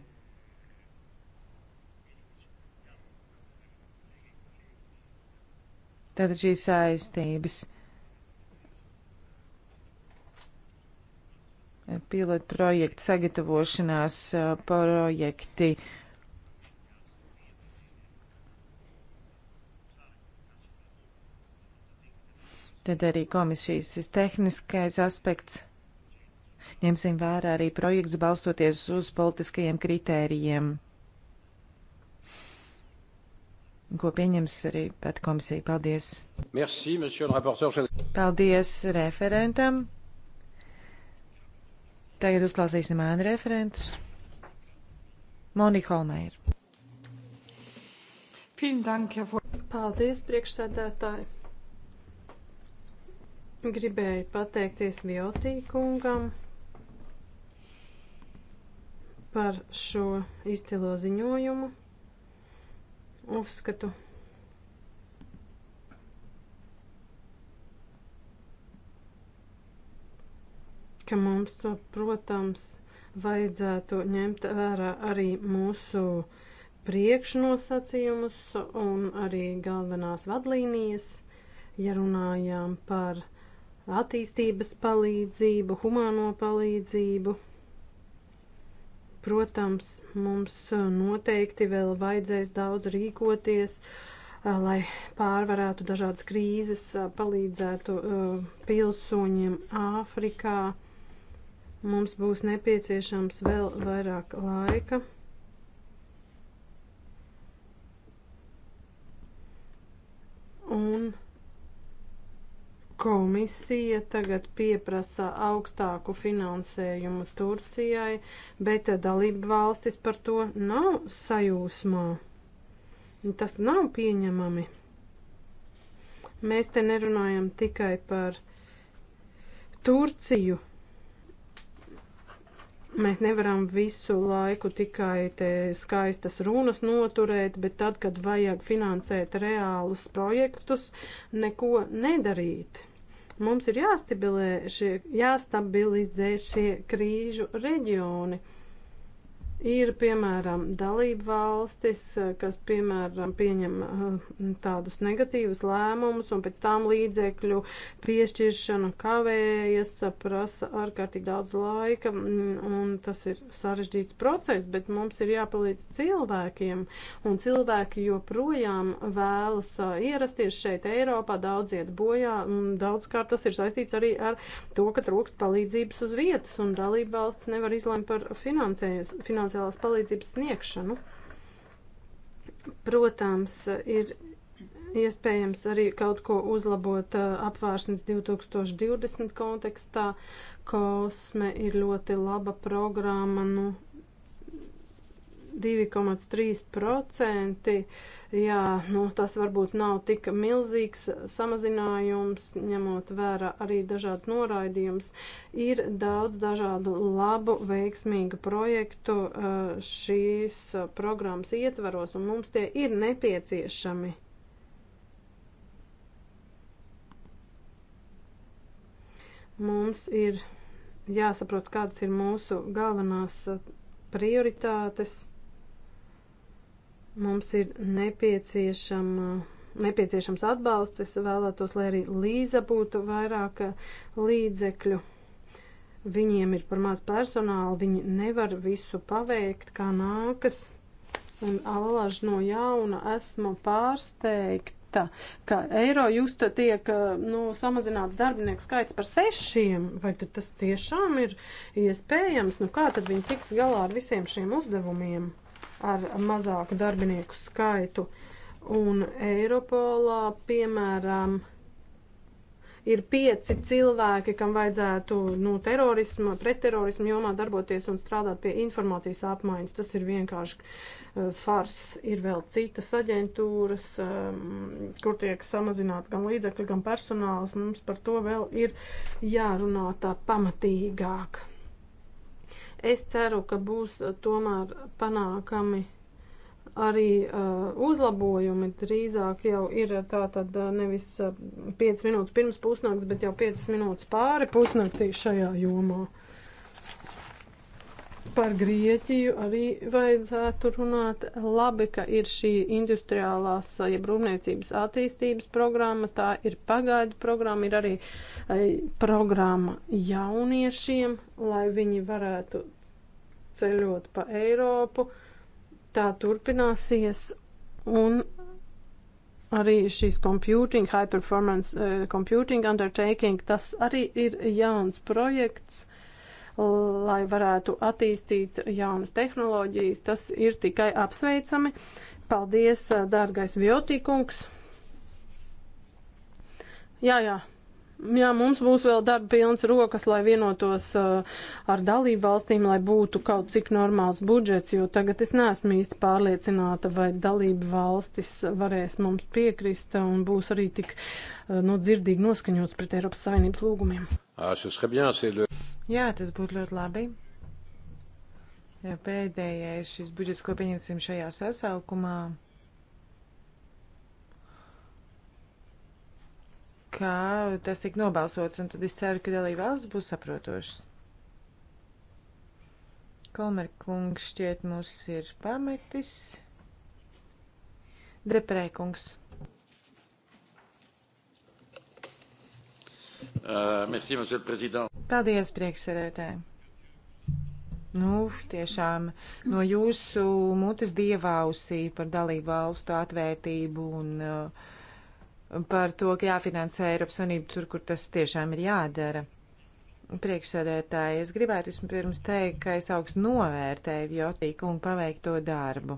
Speaker 3: Tātad šīs saistības. Pilot projektu sagatavošanās projekti. Tad arī komisijas šis tehniskais aspekts. Ņemsim vērā arī projekts balstoties uz politiskajiem kritērijiem ko pieņems arī pēta komisija. Paldies! Merci, Paldies referentam! Tagad uzklausīsim ēnu referentus. Monika Holmēra.
Speaker 4: Paldies, priekšsēdētāji!
Speaker 2: Gribēju pateikties Viotī kungam par šo izcilo ziņojumu uzskatu. ka mums, protams, vajadzētu ņemt vērā arī mūsu priekšnosacījumus un arī galvenās vadlīnijas, ja runājām par attīstības palīdzību, humāno palīdzību. Protams, mums eh, noteikti vēl vajadzēs daudz rīkoties, eh, lai pārvarētu dažādas krīzes, eh, palīdzētu pilsoņiem Āfrikā. Mums būs nepieciešams vēl vairāk laika. Un Komisija tagad pieprasa augstāku finansējumu Turcijai, bet dalība valstis par to nav sajūsmā. Tas nav pieņemami. Mēs te nerunājam tikai par Turciju. Mēs nevaram visu laiku tikai te skaistas runas noturēt, bet tad, kad vajag finansēt reālus projektus, neko nedarīt. Mums ir jāstabilizē šie, jāstabilizē šie krīžu reģioni. Ir, piemēram, dalība valstis, kas, piemēram, pieņem eh, tādus negatīvus lēmumus, un pēc tām līdzekļu piešķiršana kavējas, prasa ārkārtīgi daudz laika, mm, un tas ir sarežģīts process, bet mums ir jāpalīdz cilvēkiem, un cilvēki joprojām vēlas eh, ierasties šeit Eiropā, daudz iet bojā, un daudzkārt tas ir saistīts arī ar to, ka trūkst palīdzības uz vietas, un dalība valsts nevar izlemt par finansējumu finansiālās palīdzības sniegšanu. Protams, ir iespējams arī kaut ko uzlabot uh, apvārsnes 2020 kontekstā. Kosme ir ļoti laba programma, nu, 2,3%. Jā, nu, tas varbūt nav tik milzīgs samazinājums, ņemot vērā arī dažādas noraidījumus. Ir daudz dažādu labu, veiksmīgu projektu šīs programmas ietvaros, un mums tie ir nepieciešami. Mums ir jāsaprot, kādas ir mūsu galvenās prioritātes Mums ir nepieciešama nepieciešams atbalsts. Es vēlētos, lai arī Līza būtu vairāk līdzekļu. Viņiem ir par maz personāla, viņi nevar visu paveikt, kā nākas. Un alaž no jauna esmu pārsteigta, ka eiro justa tiek nu, samazināts darbinieku skaits par sešiem. Vai tas tiešām ir iespējams? Nu, kā tad viņi tiks galā ar visiem šiem uzdevumiem? ar mazāku darbinieku skaitu. Un Eiropolā, piemēram, ir pieci cilvēki, kam vajadzētu nu, terorisma, pretterorisma jomā darboties un strādāt pie informācijas apmaiņas. Tas ir vienkārši uh, fars. Ir vēl citas aģentūras, um, kur tiek samazināt gan līdzekļi, gan personāls. Mums par to vēl ir jārunā tā pamatīgāk. Es ceru, ka būs uh, tomēr panākami arī uh, uzlabojumi drīzāk jau ir uh, tā tad uh, nevis 5 minūtes pirms pusnakts, bet jau 5 minūtes pāri pusnaktī šajā jomā. Par Grieķiju arī vajadzētu runāt. Labi, ka ir šī industriālās, eh, ja brūvniecības attīstības programma, tā ir pagaidu programma, ir arī eh, programma jauniešiem, lai viņi varētu ceļot pa Eiropu. Tā turpināsies un arī šīs computing, high performance uh, computing undertaking, tas arī ir jauns projekts lai varētu attīstīt jaunas tehnoloģijas. Tas ir tikai apsveicami. Paldies, dārgais Vjotīkungs. Jā, jā. Jā, mums būs vēl darba pilns rokas, lai vienotos uh, ar dalību valstīm, lai būtu kaut cik normāls budžets, jo tagad es neesmu īsti pārliecināta, vai dalību valstis varēs mums piekrist un būs arī tik uh, no nu, dzirdīgi noskaņots pret Eiropas Savienības lūgumiem.
Speaker 1: À, ah,
Speaker 2: Jā,
Speaker 3: tas būtu ļoti labi. Jā, pēdējais šis budžets, ko pieņemsim šajā sasaukumā, kā tas tik nobalsots, un tad es ceru, ka dalība valsts būs saprotošas. Kalmer kungs šķiet mūs ir pametis. Deprē kungs.
Speaker 1: Uh, merci, monsieur le président.
Speaker 3: Paldies, priekšsēdētāji! Nu, tiešām no jūsu mutes dievausī par dalību valstu atvērtību un uh, par to, ka jāfinansē Eiropas Savienība tur, kur tas tiešām ir jādara. Priekšsēdētāji, es gribētu vispirms teikt, ka es augstu novērtēju Jotīku un paveikto darbu.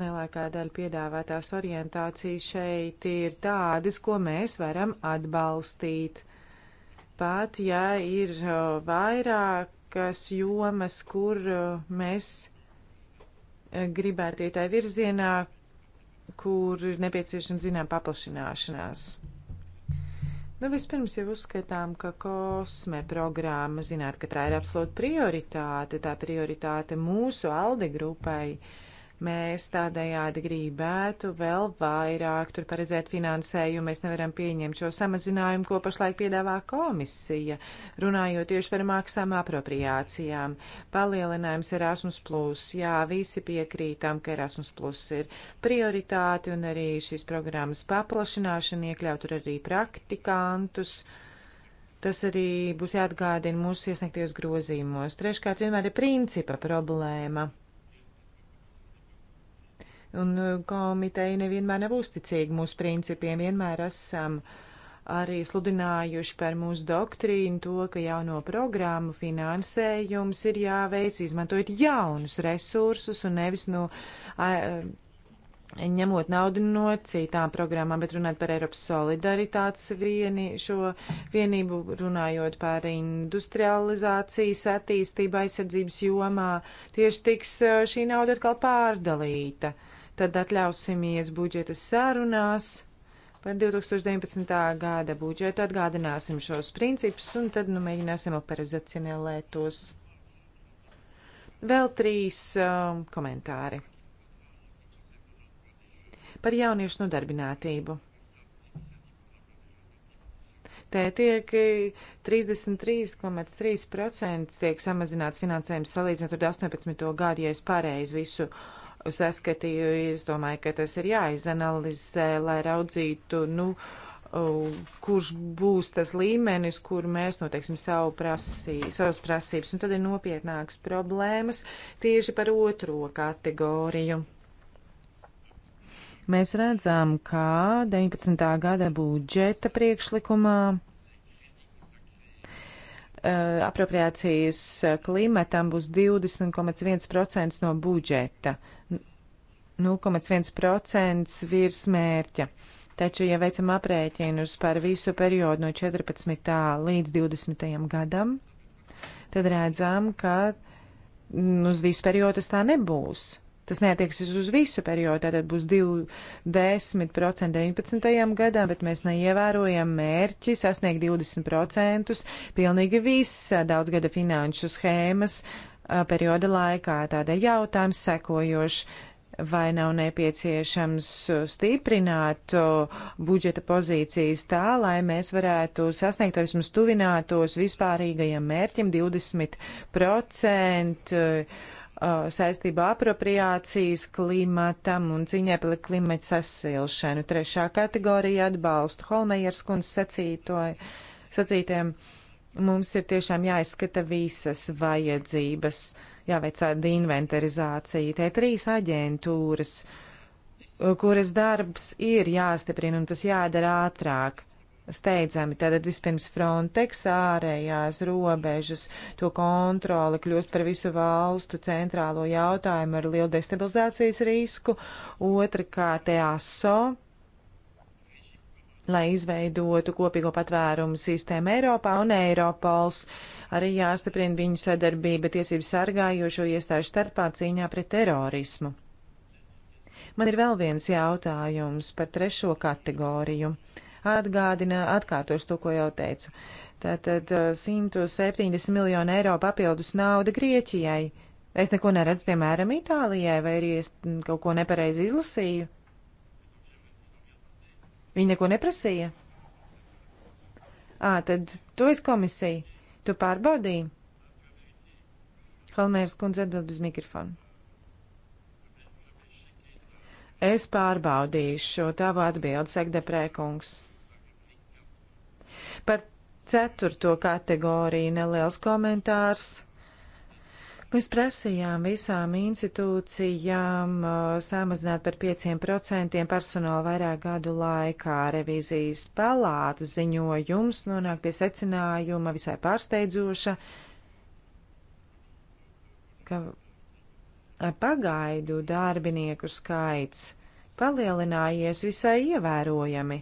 Speaker 3: Lielākā daļa piedāvātās orientācijas šeit ir tādas, ko mēs varam atbalstīt pat ja ir uh, vairākas jomas, kur uh, mēs uh, gribētu iet tā virzienā, kur ir nepieciešama zinām paplašināšanās. Nu, vispirms jau uzskatām, ka kosme programma, zināt, ka tā ir absolūta prioritāte, tā prioritāte mūsu alde grupai. Uh, Mēs tādējādi gribētu vēl vairāk tur paredzēt finansējumu. Mēs nevaram pieņemt šo samazinājumu, ko pašlaik piedāvā komisija, runājot tieši par maksām apropriācijām. Palielinājums Erasmus Plus. Jā, visi piekrītam, ka Erasmus Plus ir prioritāte un arī šīs programmas paplašināšana iekļaut tur arī praktikantus. Tas arī būs jāatgādina mūsu iesniegtajos grozījumos. Treškārt vienmēr ir principa problēma Un uh, komiteja nevienmēr nav uzticīga mūsu principiem, vienmēr esam arī sludinājuši par mūsu doktrīnu to, ka jauno programmu finansējums ir jāveic, izmantojot jaunus resursus un nevis no. A, ņemot naudu no citām programmām, bet runāt par Eiropas solidaritātes vieni, šo vienību, runājot par industrializācijas attīstību aizsardzības jomā, tieši tiks šī nauda atkal pārdalīta. Uh, tad atļausimies budžeta sarunās par 2019. gada budžetu, atgādināsim šos principus un tad nu, mēģināsim operacionālē tos. Vēl trīs um, komentāri par jauniešu nodarbinātību. Te tiek 33,3% e, tiek samazināts finansējums salīdzinot ar 18. gadu, ja es pareizi visu uh, saskatīju. Es domāju, ka tas ir jāizanalizē, lai raudzītu, nu, kurš būs tas līmenis, kur mēs noteiksim savu prasī, savas prasības. Un tad ir nopietnākas problēmas tieši par otro kategoriju. Mēs redzam, ka 19. gada budžeta priekšlikumā Eh, apropriācijas eh, klimatam būs 20,1% no budžeta, 0,1% virs mērķa. Taču, ja veicam aprēķinus par visu periodu no 14. līdz 20. gadam, tad redzam, ka mm, uz visu periodu tas tā nebūs. Tas neatieksies uz visu periodu, tātad būs 20%, 19. gadam, bet mēs neievērojam mērķi sasniegt 20% pilnīgi visa daudzgada finanšu schēmas perioda laikā. Tādēļ jautājums sekojošs vai nav nepieciešams stiprināt budžeta pozīcijas tā, lai mēs varētu sasniegt vai vismaz tuvinātos vispārīgajam mērķim 20% Uh, saistībā apropriācijas klimatam un cīņai par klimata sasilšanu. Trešā kategorija atbalstu Holmejers kundz sacītiem. Mums ir tiešām jāizskata visas vajadzības, jāveic tāda inventarizācija. Te ir trīs aģentūras, kuras darbs ir jāstiprina un tas jādara ātrāk steidzami. Tātad vispirms Frontex ārējās robežas, to kontrole kļūst par visu valstu centrālo jautājumu ar lielu destabilizācijas risku. Otrakārt, EASO lai izveidotu kopīgo patvērumu sistēmu Eiropā un Eiropols. Arī jāstiprina viņu sadarbība tiesību sargājošo iestāžu starpā cīņā pret terorismu. Man ir vēl viens jautājums par trešo kategoriju. Uh, Atgādina, atkārtošu to, ko jau teicu. Tātad 170 uh, miljonu eiro papildus nauda Grieķijai. Es neko neredzu, piemēram, Itālijai, vai arī es kaut ko nepareizi izlasīju. Viņi neko neprasīja. Ā, tad tu esi komisija. Tu pārbaudīji? Holmēras kundze atbild bez mikrofona. Es pārbaudīšu tavu atbildi, Segdeprēkungs. Par ceturto kategoriju neliels komentārs. Mēs prasījām visām institūcijām uh, samazināt par 5% personālu vairāk gadu laikā. Revizijas palātas ziņojums nonāk pie secinājuma visai pārsteidzoša, ka pagaidu darbinieku skaits palielinājies visai ievērojami,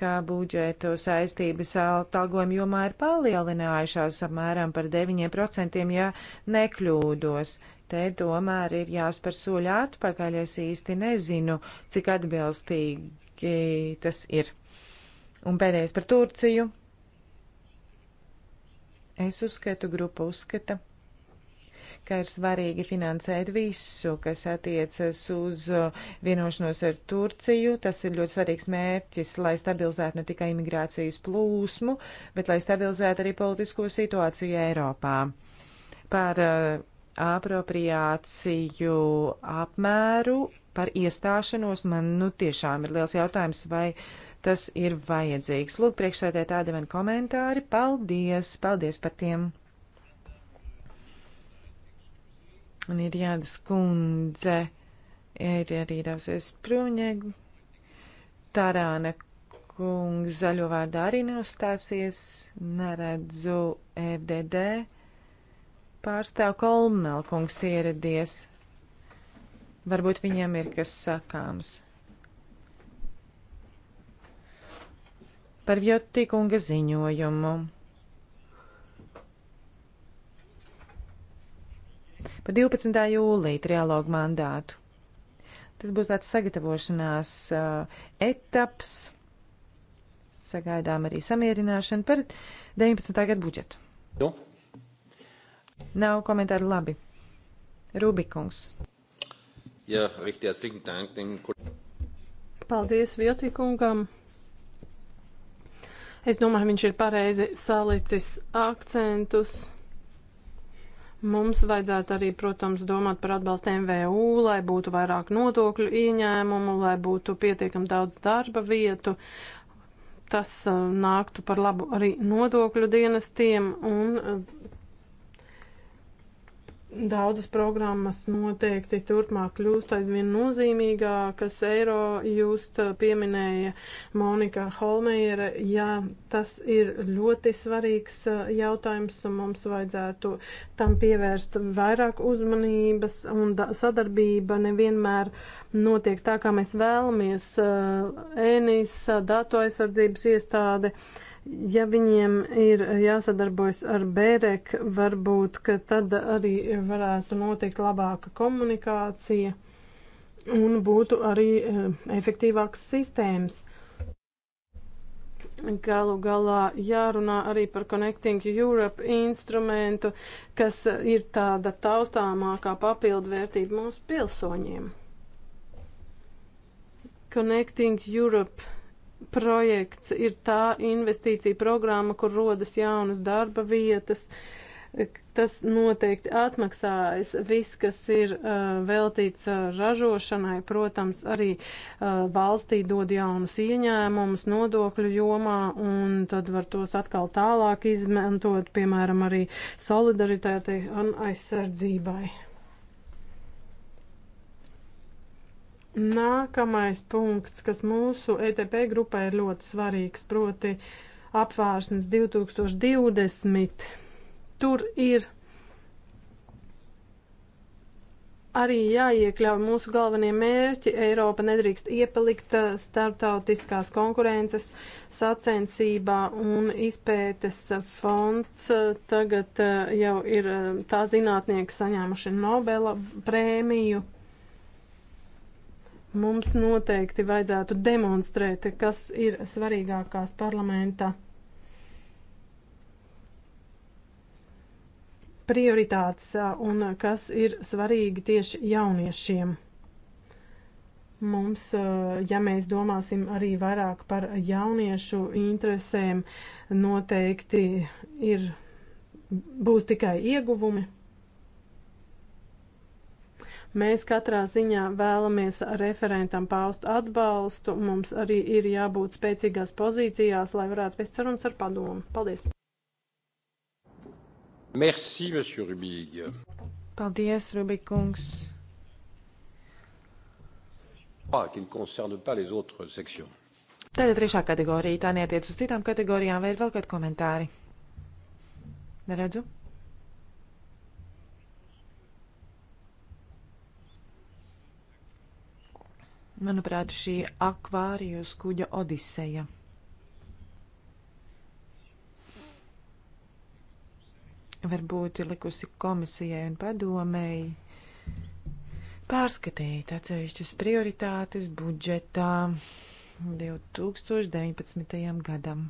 Speaker 3: kā budžetu saistības atalgojuma jomā ir palielinājušās apmēram par 9%, ja nekļūdos. Te tomēr ir jāspēr soļi atpakaļ, es īsti nezinu, cik atbilstīgi tas ir. Un pēdējais par Turciju. Es uzskatu, grupa uzskata, ka ir svarīgi finansēt visu, kas attiecas uz vienošanos ar Turciju. Tas ir ļoti svarīgs mērķis, lai stabilizētu ne tikai imigrācijas plūsmu, bet lai stabilizētu arī politisko situāciju Eiropā. Par uh, apropriāciju apmēru, par iestāšanos man nu tiešām ir liels jautājums, vai tas ir vajadzīgs. Lūk, priekšsēdē tādi man komentāri. Paldies! Paldies par tiem! Un ir jādas kundze, ir arī dausies prūņēgu. Tarāna kungs zaļo vārdā arī neuzstāsies, neredzu FDD. Pārstāv Kolmel kungs ieradies. Varbūt viņam ir kas sakāms. Par Vjotīkunga ziņojumu. par 12. jūlija trialogu mandātu. Tas būs tāds sagatavošanās uh, etaps, sagaidām arī samierināšana par 19. gadu budžetu. Jo. Nav komentāru labi. Rubikungs.
Speaker 2: Jā, ja, richtig herzlichen Dank. Den... Paldies Vietikungam. Es domāju, viņš ir pareizi salicis akcentus Mums vajadzētu arī, protams, domāt par atbalstu MVU, lai būtu vairāk nodokļu ieņēmumu, lai būtu pietiekam daudz darba vietu. Tas uh, nāktu par labu arī nodokļu dienestiem un uh, Daudzas programmas noteikti turpmāk kļūst aizvien nozīmīgākas. Eiro jūs pieminēja Monika Holmeiere. Jā, tas ir ļoti svarīgs uh, jautājums un mums vajadzētu tam pievērst vairāk uzmanības un sadarbība nevienmēr notiek tā, kā mēs vēlamies. Ēnijas uh, datu aizsardzības iestāde. Uh, ja viņiem ir jāsadarbojas ar Bērek, varbūt, ka tad arī varētu notikt labāka komunikācija un būtu arī eh, efektīvāks sistēmas. Galu galā jārunā arī par Connecting Europe instrumentu, kas ir tāda taustāmākā papildvērtība mūsu pilsoņiem. Connecting Europe projekts ir tā investīcija programma, kur rodas jaunas darba vietas. Tas noteikti atmaksājas. Viss, kas ir uh, veltīts uh, ražošanai, protams, arī uh, valstī dod jaunus ieņēmumus nodokļu jomā, un tad var tos atkal tālāk izmantot, piemēram, arī solidaritātei un aizsardzībai. Nākamais punkts, kas mūsu ETP grupai ir ļoti svarīgs, proti apvārsnes 2020. Tur ir arī jāiekļauj mūsu galvenie mērķi. Eiropa nedrīkst iepalikt starptautiskās konkurences sacensībā un izpētes fonds tagad jau ir tā zinātnieki saņēmuši Nobela prēmiju Mums noteikti vajadzētu demonstrēt, kas ir svarīgākās parlamenta prioritātes un kas ir svarīgi tieši jauniešiem. Mums, ja mēs domāsim arī vairāk par jauniešu interesēm, noteikti ir, būs tikai ieguvumi. Mēs katrā ziņā vēlamies referentam paust atbalstu. Mums arī ir jābūt spēcīgās pozīcijās, lai varētu vest sarunas ar padomu. Paldies!
Speaker 1: Merci, monsieur Rubig.
Speaker 3: Paldies, Rubikungs.
Speaker 1: Ah, qui ne concerne pas les autres sections.
Speaker 3: Tāda ir trešā kategorija. Tā neatiec uz citām kategorijām, vai ir vēl kādi komentāri? Neredzu. Manuprāt, šī akvārijas kuģa odiseja. Varbūt ir likusi komisijai un padomēji pārskatīt atsevišķas prioritātes budžetā 2019. gadam.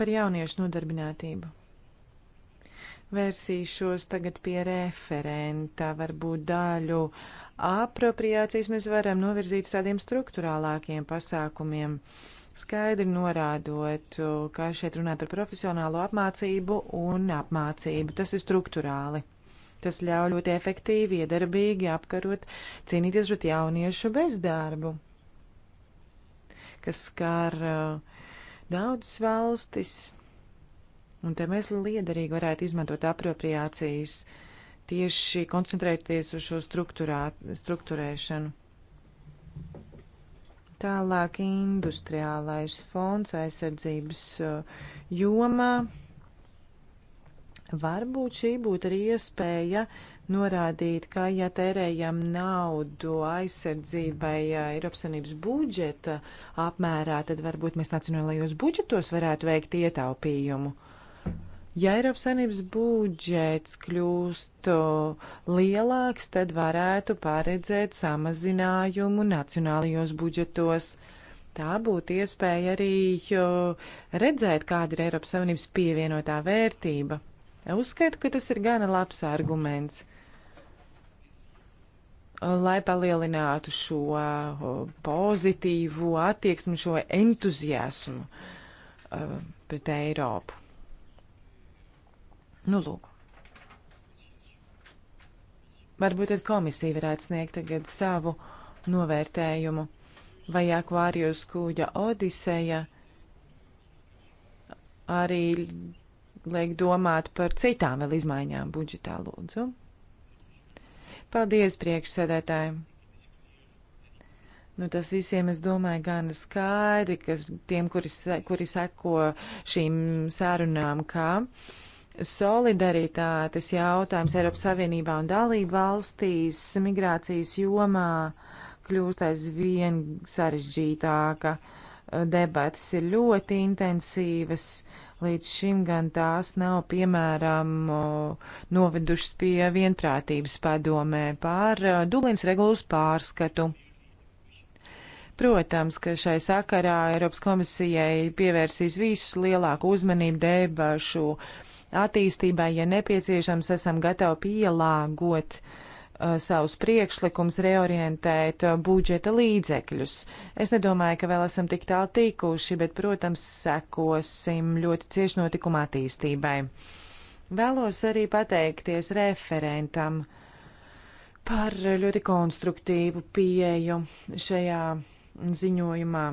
Speaker 3: Par jauniešu nodarbinātību. Vērsīšos tagad pie referenta. Varbūt daļu apropriācijas mēs varam novirzīt tādiem struktūrālākiem pasākumiem, skaidri norādot, kā šeit runāja par profesionālo apmācību un apmācību. Tas ir struktūrāli. Tas ļauj ļoti efektīvi, iedarbīgi apkarot, cīnīties pret jauniešu bezdarbu, kas skar uh, daudzas valstis Un te mēs liederīgi varētu izmantot apropriācijas, tieši koncentrēties uz šo struktūrēšanu. Tālāk industriālais fonds aizsardzības uh, jomā. Varbūt šī būtu arī iespēja norādīt, ka, ja tērējam naudu aizsardzībai Eiropas Savienības budžeta apmērā, tad varbūt mēs nacionālajos budžetos varētu veikt ietaupījumu. Ja Eiropas Savienības budžets kļūst lielāks, tad varētu paredzēt samazinājumu nacionālajos budžetos. Tā būtu iespēja arī redzēt, kāda ir Eiropas Savienības pievienotā vērtība. Uzskatu, ka tas ir gana labs arguments, lai palielinātu šo pozitīvo attieksmi, šo entuziasmu pret Eiropu. Nu, lūk. Varbūt tad komisija varētu sniegt tagad savu novērtējumu. Vai akvārijos kūģa Odiseja arī liek domāt par citām vēl izmaiņām budžetā, lūdzu? Paldies priekšsēdētājiem! Nu, tas visiem, es domāju, gan skaidri, ka tiem, kuri, kuri seko šīm sērunām, kā. Ka solidaritātes jautājums Eiropas Savienībā un dalību valstīs migrācijas jomā kļūst aizvien sarežģītāka. Debates ir ļoti intensīvas, līdz šim gan tās nav, piemēram, novedušas pie vienprātības padomē par Dublins regulas pārskatu. Protams, ka šai sakarā Eiropas komisijai pievērsīs visu lielāku uzmanību debašu uh, attīstībai, ja nepieciešams, esam gatavi pielāgot uh, savus priekšlikums reorientēt uh, budžeta līdzekļus. Es nedomāju, ka vēl esam tik tālu tikuši, bet, protams, sekosim ļoti cieši notikuma attīstībai. Vēlos arī pateikties referentam par ļoti konstruktīvu pieeju šajā ziņojumā.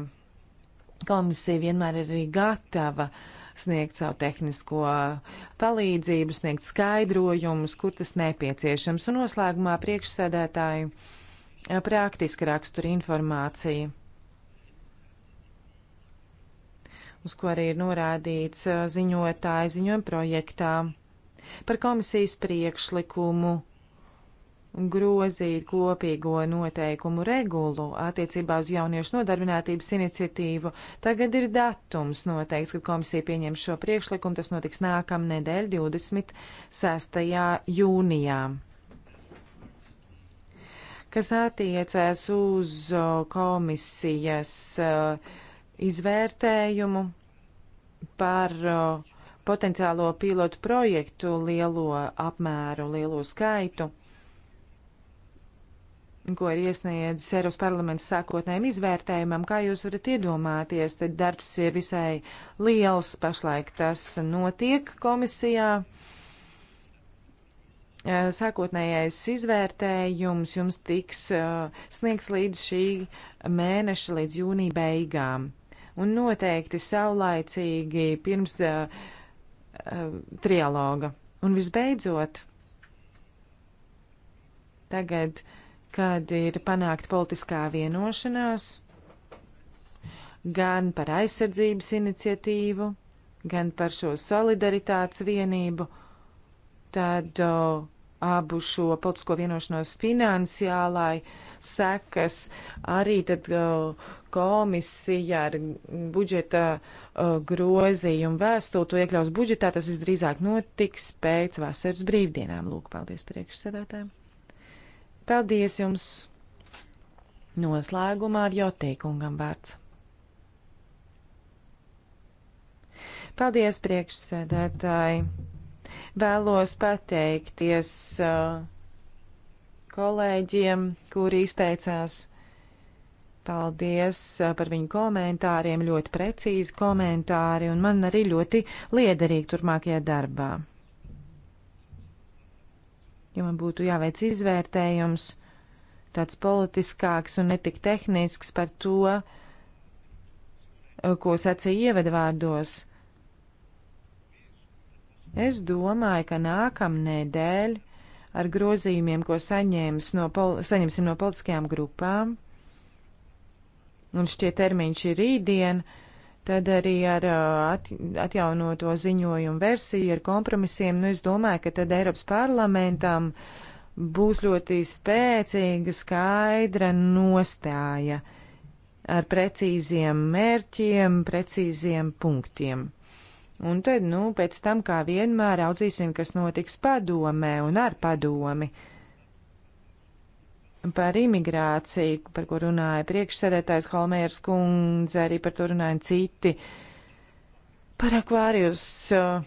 Speaker 3: Komisija vienmēr ir arī gatava uh, sniegt savu tehnisko palīdzību, sniegt skaidrojumus, kur tas nepieciešams, un noslēgumā priekšsēdētāju praktiska rakstura informācija, uz ko arī ir norādīts uh, ziņotāja ziņojuma projektā par komisijas priekšlikumu grozīt kopīgo noteikumu regulu attiecībā uz jauniešu nodarbinātības iniciatīvu. Tagad ir datums noteikts, kad komisija pieņem šo priekšlikumu. Tas notiks nākamnedēļ, 26. jūnijā. Kas attiecās uz komisijas izvērtējumu par potenciālo pilotu projektu lielo apmēru, lielo skaitu ko ir iesniedzis Eiropas parlaments sākotnējiem izvērtējumam, kā jūs varat iedomāties, tad darbs ir visai liels, pašlaik tas notiek komisijā. Eh, sākotnējais izvērtējums jums tiks eh, sniegs līdz šī mēneša, līdz jūnija beigām. Un noteikti saulaicīgi pirms uh, uh, trialoga. Un visbeidzot, tagad uh, kad ir panākt politiskā vienošanās gan par aizsardzības iniciatīvu, gan par šo solidaritātes vienību, tad o, abu šo politisko vienošanos finansiālai sekas arī tad o, komisija ar budžeta o, grozījumu vēstuli to iekļaus budžetā. Tas visdrīzāk notiks pēc vasaras brīvdienām. Lūk, paldies priekšsēdētājiem. Paldies jums! Noslēgumā ar Jotīkungam vārds. Paldies, priekšsēdētāji! Vēlos pateikties uh, kolēģiem, kuri izteicās. Paldies uh, par viņu komentāriem, ļoti precīzi komentāri, un man arī ļoti liederīgi turpmākajā darbā ja man būtu jāveic izvērtējums, tāds politiskāks un netik tehnisks par to, eh, ko sacīja ievadvārdos. Es domāju, ka nākamnedēļ ar grozījumiem, ko no pol saņemsim no politiskajām grupām, un šķiet termiņš ir rītdien, uh, Tad arī ar uh, atjaunoto ziņojumu versiju, ar kompromisiem, nu es domāju, ka tad Eiropas parlamentam būs ļoti spēcīga, skaidra nostāja ar precīziem mērķiem, precīziem punktiem. Un tad, nu, pēc tam, kā vienmēr, raudzīsim, kas notiks padomē un ar padomi. Uh, par imigrāciju, par ko runāja priekšsēdētājs Holmēras kundze, arī par to runāja citi. Par akvārijus uh,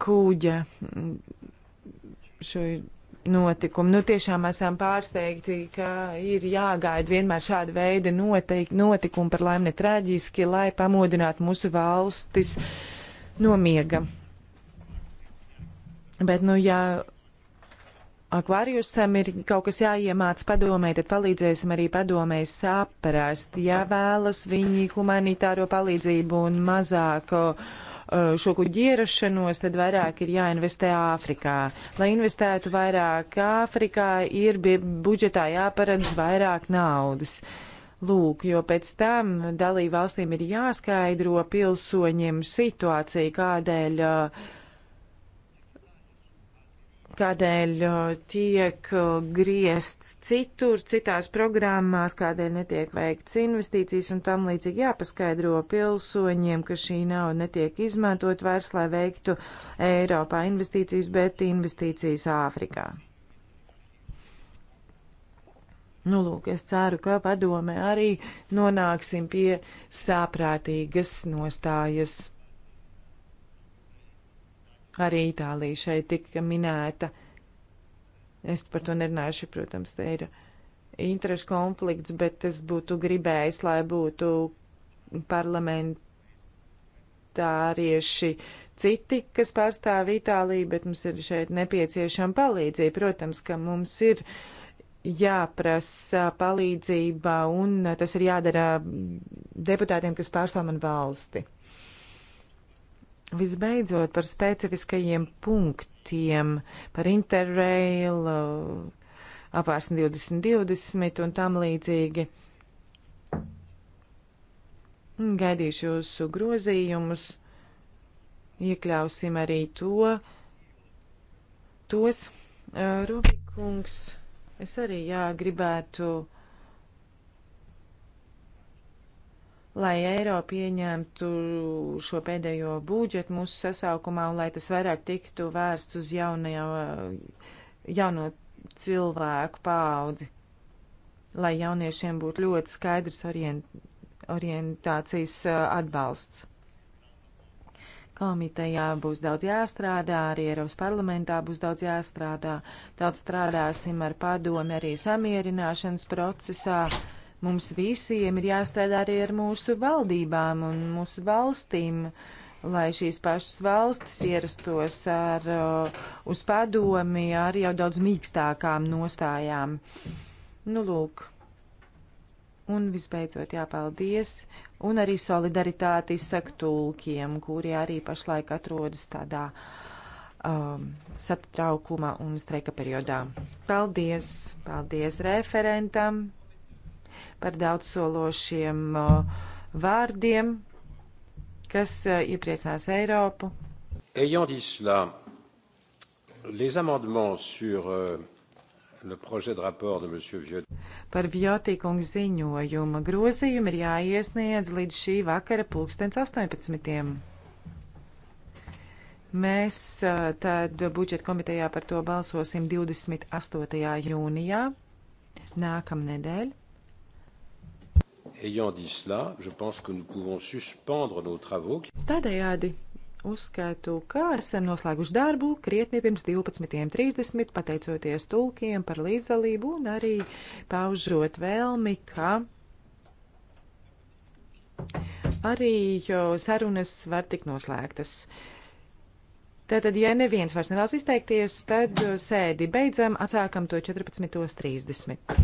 Speaker 3: kūģa mm, šo notikumu. Nu, tiešām esam pārsteigti, ka ir jāgaida vienmēr šāda veida noteik, notikumi par laimni traģiski, lai pamodinātu mūsu valstis no miega. Bet, nu, ja akvārijusam ir kaut kas jāiemāc padomē, tad palīdzēsim arī padomē saprast, ja vēlas viņi humanitāro palīdzību un mazāk uh, šo kuģi ierašanos, tad vairāk ir jāinvestē Āfrikā. Lai investētu vairāk Āfrikā, ir budžetā jāparedz vairāk naudas. Lūk, jo pēc tam dalību valstīm ir jāskaidro pilsoņiem situācija, kādēļ uh, kādēļ tiek griezts citur, citās programmās, kādēļ netiek veikts investīcijas un tam līdzīgi jāpaskaidro pilsoņiem, ka šī nauda netiek izmantot vairs, lai veiktu Eiropā investīcijas, bet investīcijas Āfrikā. Nu, lūk, es ceru, ka padomē arī nonāksim pie sāprātīgas nostājas. Arī Itālija šeit tika minēta. Es par to nerunājuši, protams, te ir interešu konflikts, bet es būtu gribējis, lai būtu parlamentārieši citi, kas pārstāv Itāliju, bet mums ir šeit nepieciešama palīdzība. Protams, ka mums ir jāprasa palīdzība, un tas ir jādara deputātiem, kas pārstāv man valsti. Visbeidzot, par specifiskajiem punktiem, par interrail, uh, apvērsni 2020 un tam līdzīgi. Gaidīšu jūsu grozījumus, iekļausim arī to, tos. Uh, Rubikungs, es arī jā, gribētu lai Eiropa pieņemtu šo pēdējo budžetu mūsu sasaukumā un lai tas vairāk tiktu vērsts uz jaunajo, jauno cilvēku paudzi, lai jauniešiem būtu ļoti skaidrs orient, orientācijas atbalsts. Komitejā būs daudz jāstrādā, arī Eiropas parlamentā būs daudz jāstrādā. Daudz strādāsim ar padomi arī samierināšanas procesā. Uh, Mums visiem ir jāstrādā arī ar mūsu valdībām un mūsu valstīm, lai šīs pašas valstis ierastos ar, uh, uz padomi ar jau daudz mīkstākām nostājām. Nu, lūk. Un visbeidzot, jāpaldies. Un arī solidaritāti izsaka tulkiem, kuri arī pašlaik atrodas tādā um, satraukuma un streika periodā. Paldies! Paldies referentam! par daudzsološiem vārdiem, kas iepriecinās Eiropu.
Speaker 1: Ayant dit cela, les amendements sur euh, le projet de rapport de M. Vieux.
Speaker 3: Par Vjotīkungu ziņojumu grozījumu ir jāiesniedz līdz šī vakara pulkstens 18. Mēs tad budžeta komitejā par to balsosim 28. jūnijā nākamnedēļ.
Speaker 1: Ayant dit cela, je pense que nous pouvons suspendre nos travaux.
Speaker 3: Tādējādi uzskaitu, ka esam noslēguši darbu krietni pirms 12.30, pateicoties tulkiem par līdzdalību un arī paužot vēlmi, ka arī sarunas var tik noslēgtas. Tātad, ja neviens vairs nevēlas izteikties, tad sēdi beidzam, atsākam to 14.30.